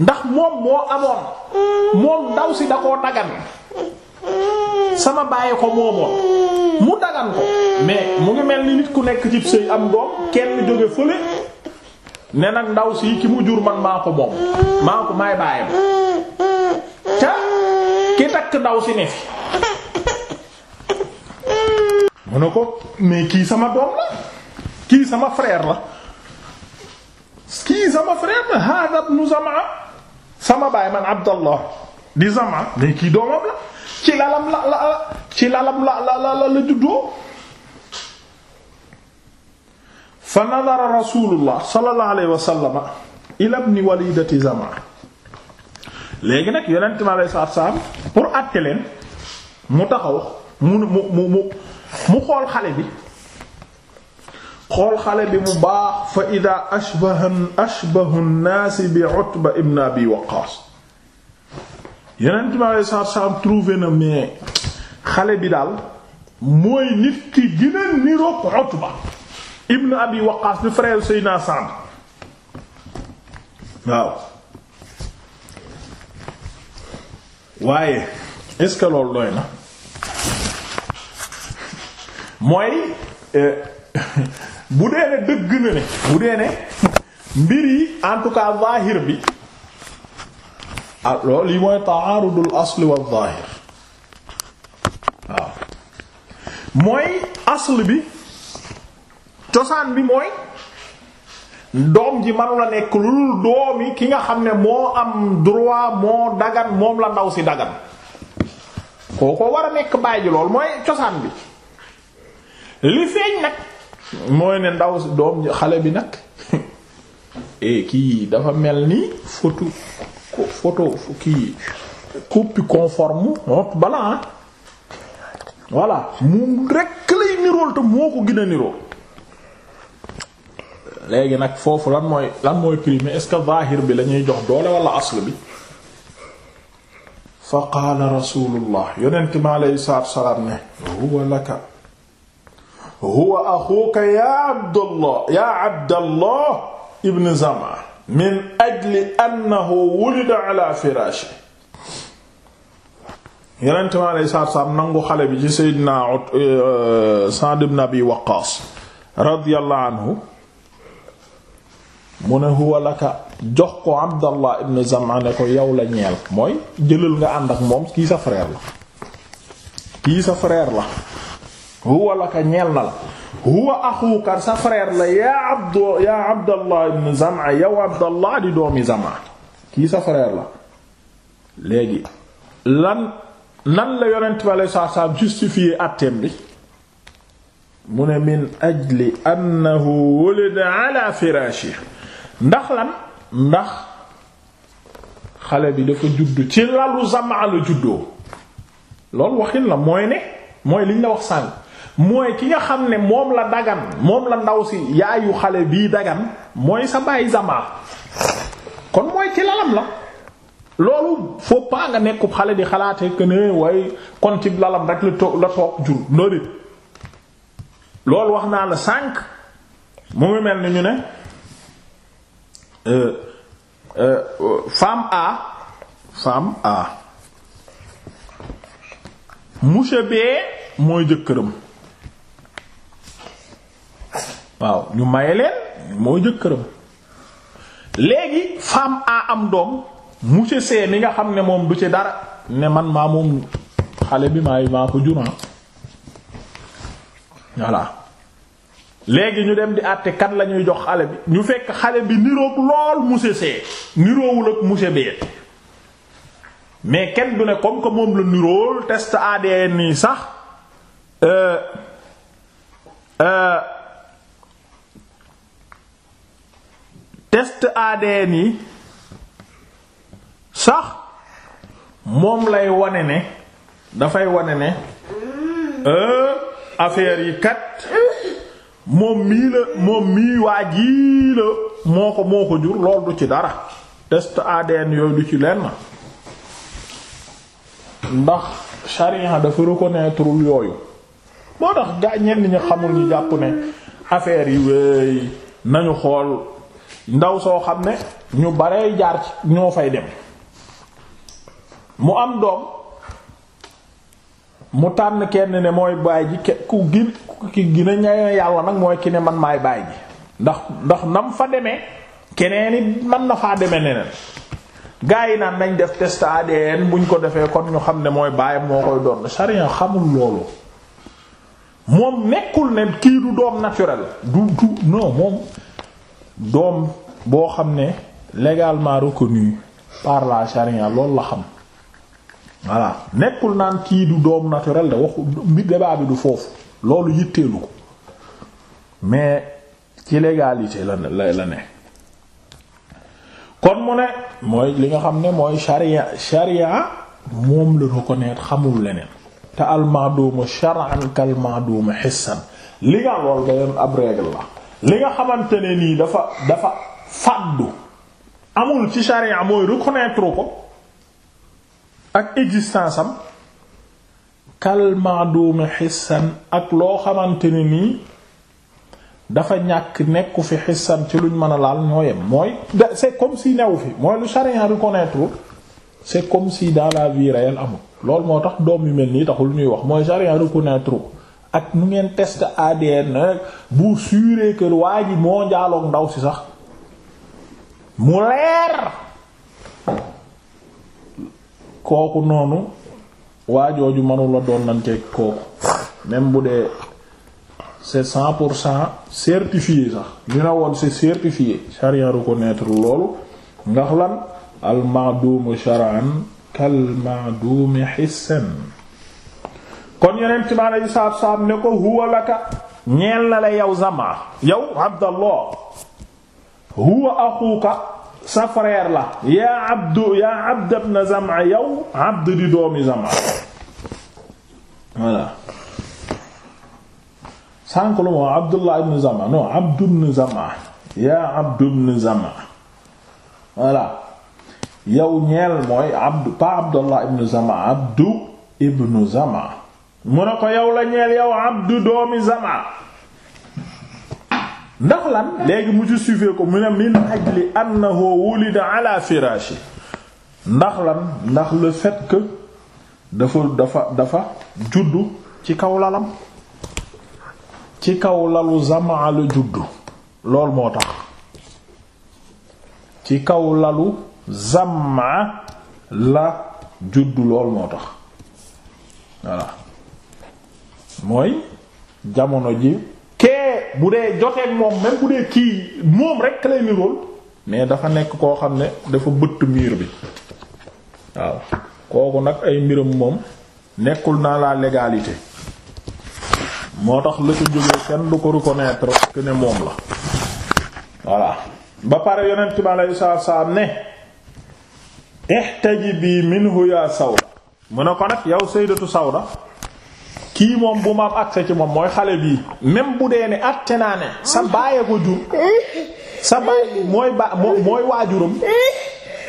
ndax moom moo amoon moom ndaw si da koo dagan sama bàyyi ko moomoon mu dagan ko mais mu ngi mel ni nit ku nekk ci sëy am doom kenn jóge fële ne ndaw si ki mu jur man maa ko moom maa ko maay bàyyam ca ki takk ndaw si ne fi mu ne ko mais kii sama doom la kii sama frère la kii sama frère la hada ibn Zama sama baay man Abdallah di Zama mais kii doomam la ci lalam la la ci lalam la la la la juddoo fa nadara rasulullah sallallahu alayhi wa sallam ila ibn walidati zama léegi nag yonent mi alayhi salaatu salaam pour àtte leen mu taxaw mu mu mu mu mu xool xale bi xool xale bi mu baax fa ida ashbaha ashbahu an-naas bi Utba ibn Abi Waqqaas yeneen ci ma saam trouvé na mais xale bi daal mooy nit ki gën a niroog Utba ibn Abi Waqqas bi frère Seydina Sa'd waaw waaye est-ce que loolu doy na mooy euh, bu dee ne dëgg na ne bu dee ne mbir yi en tout cas zahir bi ah loolu yi mooy ta'arudul asl wal waaw mooy asl bi cosaan bi mooy doom ji manu nekk lu dul doomi ki nga xam ne moo am droit moo dagan moom la ndaw si dagan kooko war a nekk baay ji mooy cosaan bi li feeñ nag mooy ne ndaw si doom ji xale bi nag eh, kii dafa mel ni photo photo kii copie conforme mook bala rekk lay nirool te moo ko gën nirool léegi nag foofu lan mooy lan mooy primé bi lañuy jox doole wala asl bi fa qaala rasulullah yonent mi aleyhi salaatu salaam ne huwa laka huwa axuuka ya abdallah ya abdallah ibn zama min ajli annahu wulida ala firaashi nangu xale bi ci Seydina eh, Sa'd ibn Abi Waqqaas radiyallahu anhu mu ne huwa laka jox ko Abdallah ibn Zam'a ne ko yow la ñeel mooy jëlal nga ànd ak moom kii sa frère la kii sa frère la huwa laka ñeel na la huwa axuka sa la yaa abd yaa abdallah ibn zam'a yow abdallah di doomi zam'a kii sa la léegi lan nan la yonent bi alei saat salaam justifier àtteem bi mu ne min ajli annahu wulida ala firaashi ndax lan ndax xale bi dafa judd ci lalu zam'a la juddoo loolu waxin la mooy ne mooy liñ la wax sànq mooy ki nga xam ne moom la dagan moom la ndaw si yaayu xale bii dagan mooy sa bàyyi zamaa kon mooy ci lalam la loolu faut nga nekkub xale di xalaate que ne waaye kon ci lalam rek la toog la toog jur loolu wax naa la sànq mu ngi mel ni ñu ne euh, euh, femme A femme A monsieur B mooy jëkkëram waaw ñu maye leen mooy jëkkëram léegi femme a am doom monsieur see mi nga xam ne moom du ci dara ne man maa xale bi maay maa ko jur ah. voilà léegi ñu dem di àtte kat la ñuy jox xale bi ñu fekk xale bi niroog lool monsieur C niroowul ak monsieur B mais kenn du ne comme que moom la nirool test ADN yi sax euh, euh, test ADN yi sax moom lay wane ne dafay wane ne euh, affaire yi kat moom mii la moom mii waa jii la moo ko moo ko jur lool du ci dara test ADN yooyu du ci lenn ndax charia dafa reconnaîtreul yooyu moo tax gaa ñenn xamul ñu jàpp ne affaire yi wéy nañu xool ndaw soo xam ne ñu baree jaar ci ñoo fay dem mu am doom mu tànn kenn ne mooy baay ji ku gin ki gina ñaye yàlla nag mooy ki ne man maay baay ndax ndax nam fa deme keneen it man na faa demee neneen gaa yi naan nañ def test buñ ko defee kon ñu xam ne mooy baayam moo koy doon sariya xamul loolu moom nekkul ne kii du doom naturel du du non moom doom boo xam ne légalement reconnu par la loolu la xam voilà nekkul naan kii du doom naturel de waxu mbir débat bi du foofu loolu yitteelu ko mais ci légalité la la la ne kon mu ne mooy li nga xam ne mooy charia charia moom la reconnaître xamul leneen te al ma'dum shar'an kal ma'dum hissan li nga lool da ab règle la li nga xamante ne nii dafa dafa fàddu amul ci charia mooy reconnaître ko ak existence am kal xissan ak loo xamante ne nii dafa ñàkk nekku fi xissan ci lu ñu mën a laal mooy mooy mooy c'est comme si newu fi mooy lu charia reconnaître c'est comme si dans la vie réelle amul loolu moo tax doom yu mel nii taxul lu ñuy wax mooy charia reconnaître ko ak nu ngeen test ADN rek bu suuree que waa ji moo njaaloog ndaw si sax mu leer kooku noonu waa jooju manula doon nante kooku même bu dee c'est cent pour cent certifié sax ñu ne woon c'est certifié charia reconnaître loolu ndax lan al ma'dum shar'an kal ma'dum kon yeneen ci maanaam saab saab ne ko huwa laka ñeel na la yow Zama yow Abdallah huwa axuuka sa la yaa Abdu yaa Abd ibn Zama yow Abd di doomi Zama voilà sànq lu ma Abdullah ibn Zama yaa Abd ibn Zama voilà yow ñeel mooy Abd pas Abdullah ibn Zama Abd ibn Zama. mu ne ko yow la ñeel yow abdu doomi zama ndax lan léegi mu ci suufee ko mu ne min ajli annahu wulida ala firaashi ndax lan ndax le fait que dafa dafa dafa juddu ci kaw lalam ci kaw lalu zamaa la juddu lool moo tax ci kaw lalu zamaa la juddu lool moo tax mooy jamono ji kee bu dee joteeg moom même bu dee kii moom rek lay nirool mais dafa nekk koo xam ne dafa bëtt miir bi waaw kooku nag ay mbiram moom nekkul naa laa légalité moo tax la ko jógee kenn du ko reconnaître que ne moom la voilà ba pare yonent bi aleyhi salaatu salaam ne ihtajibi minhu yaa Sawda mu ne ko nag yow saw Sawda kii moom bu ma am accès ci moom mooy xale bii même bu dee ne àtte naa ne sa bàyyee ko jur sa bàyyi mooy ba mooy waajuram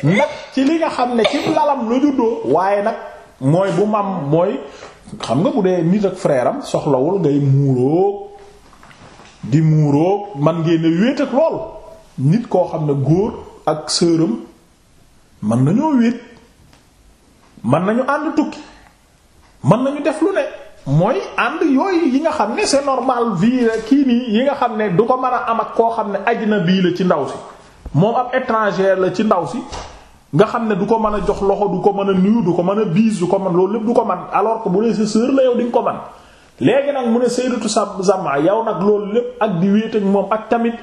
nag ci li nga xam ne ci lalam la juddoo waaye nag mooy bu mam mooy xam nga bu dee nit ak frère soxlawul ngay muuroog di muuroog man ngeen wéet ak lool nit koo xam ne góor ak sëram mën nañoo wéet mën nañu ànd tukki mën nañu def lu ne mooy ànd yooyu yi nga xam ne sa normal vie kii nii yi nga xam ne du ko mën a am ak koo xam ne ajnabi la ci ndaw si moom ab étranger la ci ndaw si nga xam ne du ko mën a jox loxo du ko mën a nuyu du ko mën a biis du ko mën loolu lépp du ko man alors ko bu dee sa sœur la yow di ko mën léegi nag mu ne sa Zam'a yow nag loolu lépp ak di wéet ak moom ak tamit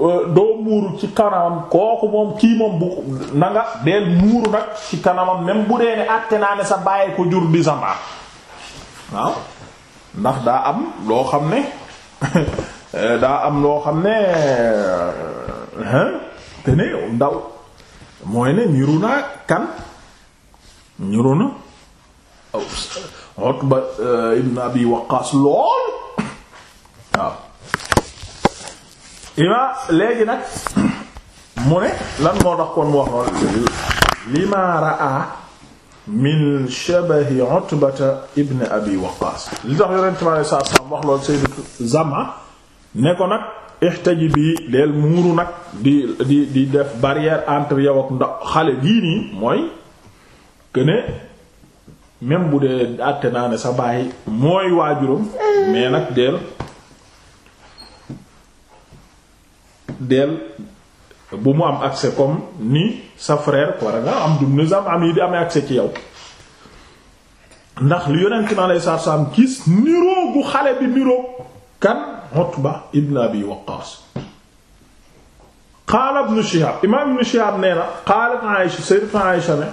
euh, doo muuru ci kanamam kooku moom kii moom bu na nga deel muuru nag ci kanamam même bu dee ne àtte naa sa bàyyi ko jur di waaw ndax daa am loo xam ne daa am loo xam ne euh, te ne ndaw mooy ne niru naa kan niru na Utba euh, ibn Abi Waqqas lool waaw léegi nag mu ne lan moo tax kon wax lool lima raa min shabahi Utbata ibn Abi Waqqas li tax yonent bi alayhi salaatu salaam wax lool Sayyidatu Zama ne ko nag ihtaji bii deel muuru nag di di def barrière entre yow ak ndax xale bii nii mooy que ne bu dee àtte naa ne sa baay mooy waajuram mais nag deel deel bu mu am accès comme ni sa frère war nga am dum sam am yi di amee accès ci yow ndax li yonent na saam gis niroo xale bi niroo kan Utba ibn Abi Waqqas qaala ibn Shihab imaam ibn Shihab nee na qaalat Aïsha sayyidat Aïsha ne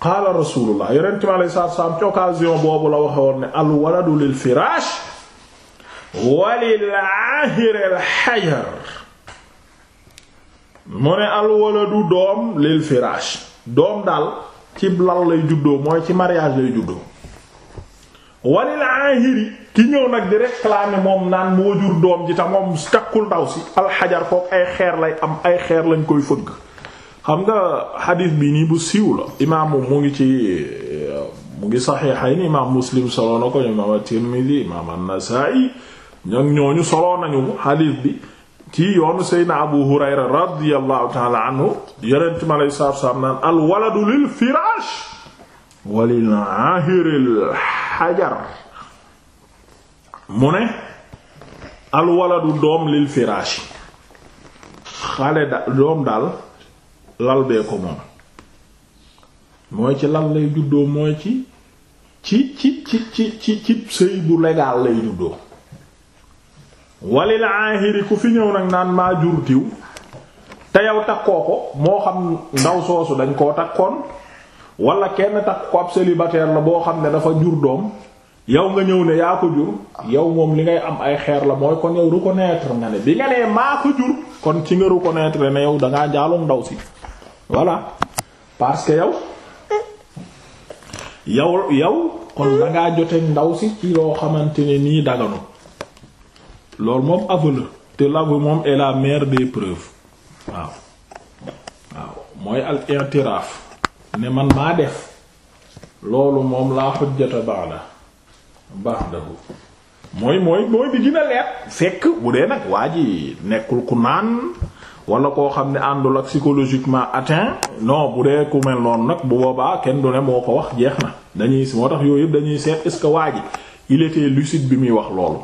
qaala Rasulullah yonent na saam ci occasion boobu la waxe ne al lil firaash wa lil al hajar mu ne alwaladu doom lil firaash doom daal ci lal lay juddoo mooy ci mariage lay juddoo walil aahiri ki ñëw nag di réclamer moom naan moo jur doom ji te moom takkul ndaw si alxajar kook ay xeer lay am ay xeer lañ koy fëgg xam nga xadiis bi nii bu siiw la imaamu mu ngi ci mu ngi saxiixayn imaam muslim solo na ko imaam at imaam an-Nasaa'i ñooñu solo nañu xadiis bi ci yoonu Seydina Abu Hurayra radiyallahu taala anhu yonent mi alayhi salaatu salaam naan al waladu lil firaash walil ahiril hajar mu ne al waladu doom lil firaash xale da doom daal lal bee ko moom mooy ci lal lay juddoo mooy ci ci ci ci ci ci ci sëy bu légal lay juddoo walil aahiri ku fi ñëw nag naan maa jur diw te yow takkoo ko moo xam ndaw soosu dañ koo takkoon wala kenn takk ko ab célibataire la boo xam ne dafa jur doom yow nga ñëw ne yaa ko jur yow moom li ngay am ay xeer la mooy kon yow reconnaître nga ne bi nga nee maa ko jur kon ci nga reconnaître ne yow dangaa jaaloon ndaw si voilà parce que yow yow yow kon dangaa joteeg ndaw si ci loo xamante ne nii daganu loolu moom aveu te l'aveu moom est la mère des preuves waaw waaw mooy al i'tiraaf ne man maa def loolu moom laa xujjata ba'da ba'dahu mooy mooy mooy bi dina leer fekk bu dee nag waa ji nekkul ku naan wala koo xam ne àndul ak psychologiquement atteint non bu dee ku mel noonu nag bu boobaa kenn du ne moo ko wax jeex na dañuy moo tax yooyu yëpp dañuy seet est-ce que waa ji il lucide bi muy wax loolu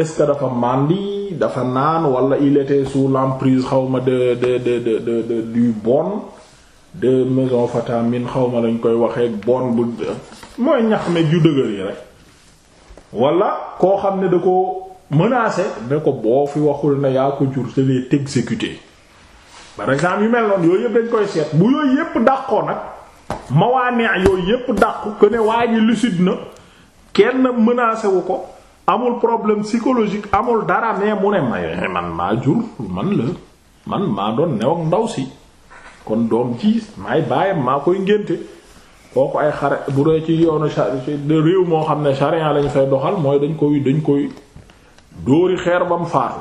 est-ce dafa màndi dafa naan wala il était sous l'emprise xawma de de de de de du bon de maison Fatamine xawma lañ koy waxee bon bu mooy ñax me ju dëgër yi rek wala koo xam ne da ko menacé ne ko boo fi waxul na yaa ko jur te lee par exemple yu mel noonu yooyu yëpp dañ koy seet bu yooyu yëpp dàqoo nag mawaane yooyu yëpp dàqu que ne waa ji lucide na kenn menacé wu ko amul problème psychologique amul dara mais mu ne may eh, man maa jur man la man maa doon new ak ndaw si kon doom ci may baayam maa koy ngénte kooku ay xare bu dee ci yoonu réew moo xam ne charia lañ fay doxal mooy dañ koy dañ koy dóori xeer ba mu faatu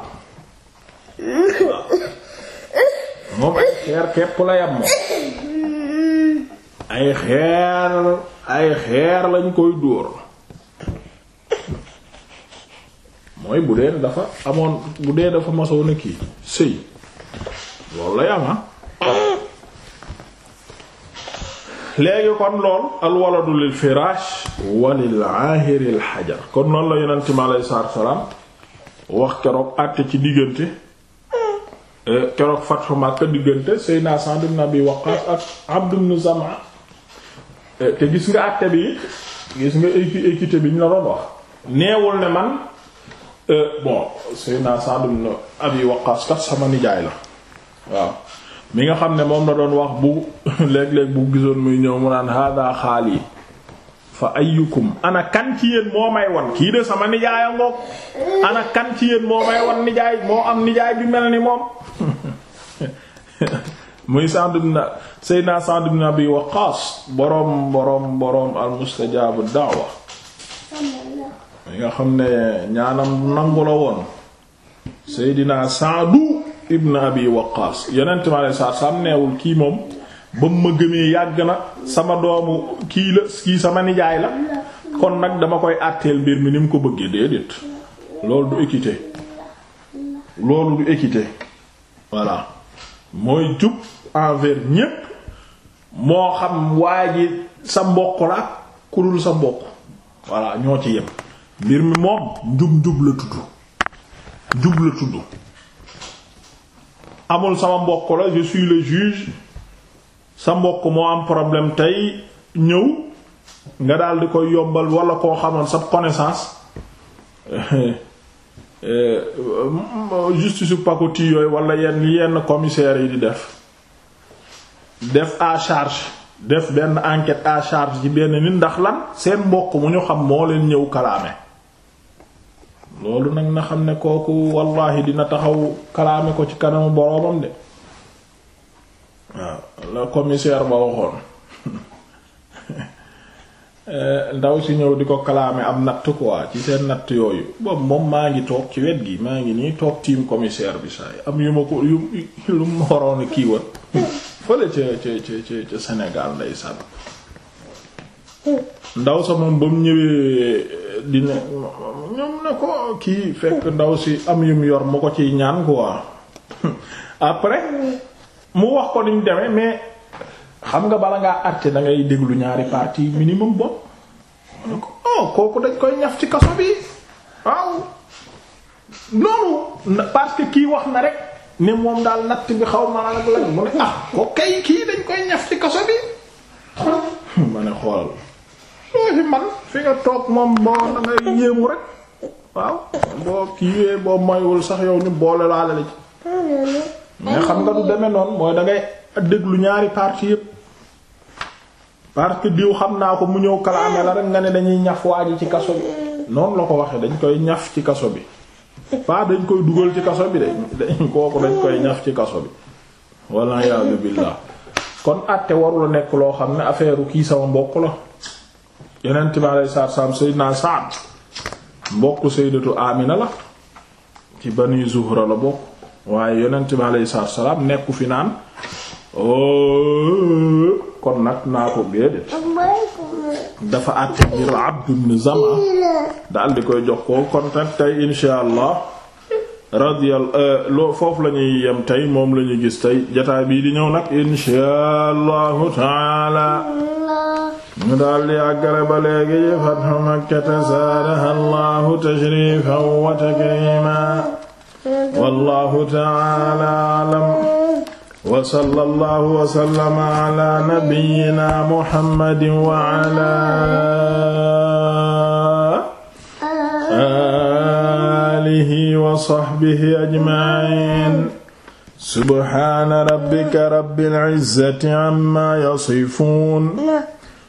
moom ay xeer képp la ay xeer lañ koy dóor mooy bu dee dafa amoon bu dee dafa masoon a kii sëy loolu lay am ah. léegi kon lool alwaladu lil firaash walil aahiri xajar kon noonu la yonent mi aleyhi salaatu wax keroog àtte ci diggante eh, keroog Fathu Makka diggante Seydina Sa'd ibn Abi ak Abd ibn eh, te gis nga àtte bi gis nga équité bi ñu la doon wax neewul ne man Euh, bon Seydina Sa'd ibn Abi Waqqas kat sama nijaay la waaw mi nga xam ne moom la doon wax bu léeg-léeg bu gisoon muy ñëw mu naan hada xaali fa ayyukum ana kan ci yéen moo may wan kii de sama nijaaya ngoog ana kan ci yéen moo may wan nijaay moo am nijaay bi mel ni moom muy Sa'd ibn Seydina bi ibn Abi Waqqas boroom boroom boroom al mustajabu mi nga xam ne ñaanam nangu la woon Seydina Saadu ibn bi Waqqaas yonent ma lay saa sam neewul kii moom ba mu ma gëmee yàgg na sama doomu kii la kii sama nijaay la kon nag dama koy àtteel mbir mi ni mu ko bëggee déedéet loolu du équité loolu du équité voilà mooy jub envers ñépp moo xam waa ji sa mbokk la ku dul sa mbokk voilà ñoo ci yem mbir mi moom njub-njub la tudd njub la tudd amul sama mbokk la je le juge sa mbokk moo am problème tey ñëw nga daal di koy yombal wala koo xamoon sa connaissance eh, eh, justice pacotille yooyu wala yenn yenn commissaires yi di def def à charge def benn enquête à charge ci benn nit ndax lan seen mbokk mu ñu xam moo leen ñëw kalaame loolu nag na xam ne kooku wallahi dina taxaw kalaame ko ci kanamu boroomam de waaw la commissaire ba waxoon ndaw si ñëw di ko kalaame am natt quoi ci seen natt yooyu boobu moom maa ngi toog ci wet gi maa ngi nii toog tiim commissaire bi saa yi am yu ma ko yu lu ma waroon kii woon fële ca ca ca ca nday sànn ndaw sa moom ba mu ñëwee dina ñoom ne ko kii fekk ndaw si am yum yor mu ko ci ñaan quoi après mu wax ko ñu demee mais xam nga bala ngaa àtte da ngay déglu ñaari parties minimum bopp ne ko oh kooku dañ koy ñaf ci kaso bi waaw noonu parce que kii wax na rek ne moom daal natt bi xaw ma nag la mu ne ah ko kay kii dañ koy ñaf ci kaso bi ma ne xoolal yooyu man fi nga toog moom boo na ngay yéemu rek waaw boo kiiwee boo mayul sax yow ñu boole laale la ci mais xam nga du demee noonu mooy dangay ngay déglu ñaari parties yépp parce diw xam naa ko mu ñëw kalaame la rek nga ne dañuy ñaf waaju ci kaso bi noonu la ko waxee dañ koy ñaf ci kaso bi pas dañ koy dugal ci kaso bi de dañ kooku dañ koy ñaf ci kaso bi walla yàlla billah kon àtte warula nekk loo xam ne affaire kii sama mbokk la yeneen bi alei saatu salaam Seydina Saad mbokk Sayyidatu Amina la ci Bani Zuhra la bokk waaye yonent bi aleyhi salaatu salaam nekku fi naan kon nag naa ko géedét dafa àtte ngir Zama daal di koy jox ko kon nag tey insha allah radial euh, loo foofu lañuy ñuy yem tey moom la gis tey jataay bii di ñëw nag insha allahu taala ñu daldi àggale ba léegi ci fathu makkata zaadaha allahu tashrifan wa takrima wallahu ta'ala a'lam wa sallallahu wa sallama ala nabiyyina muhammadin wa ala alihi wa sahbihi ajma'in subhana rabbika rabbil izzati amma yasifun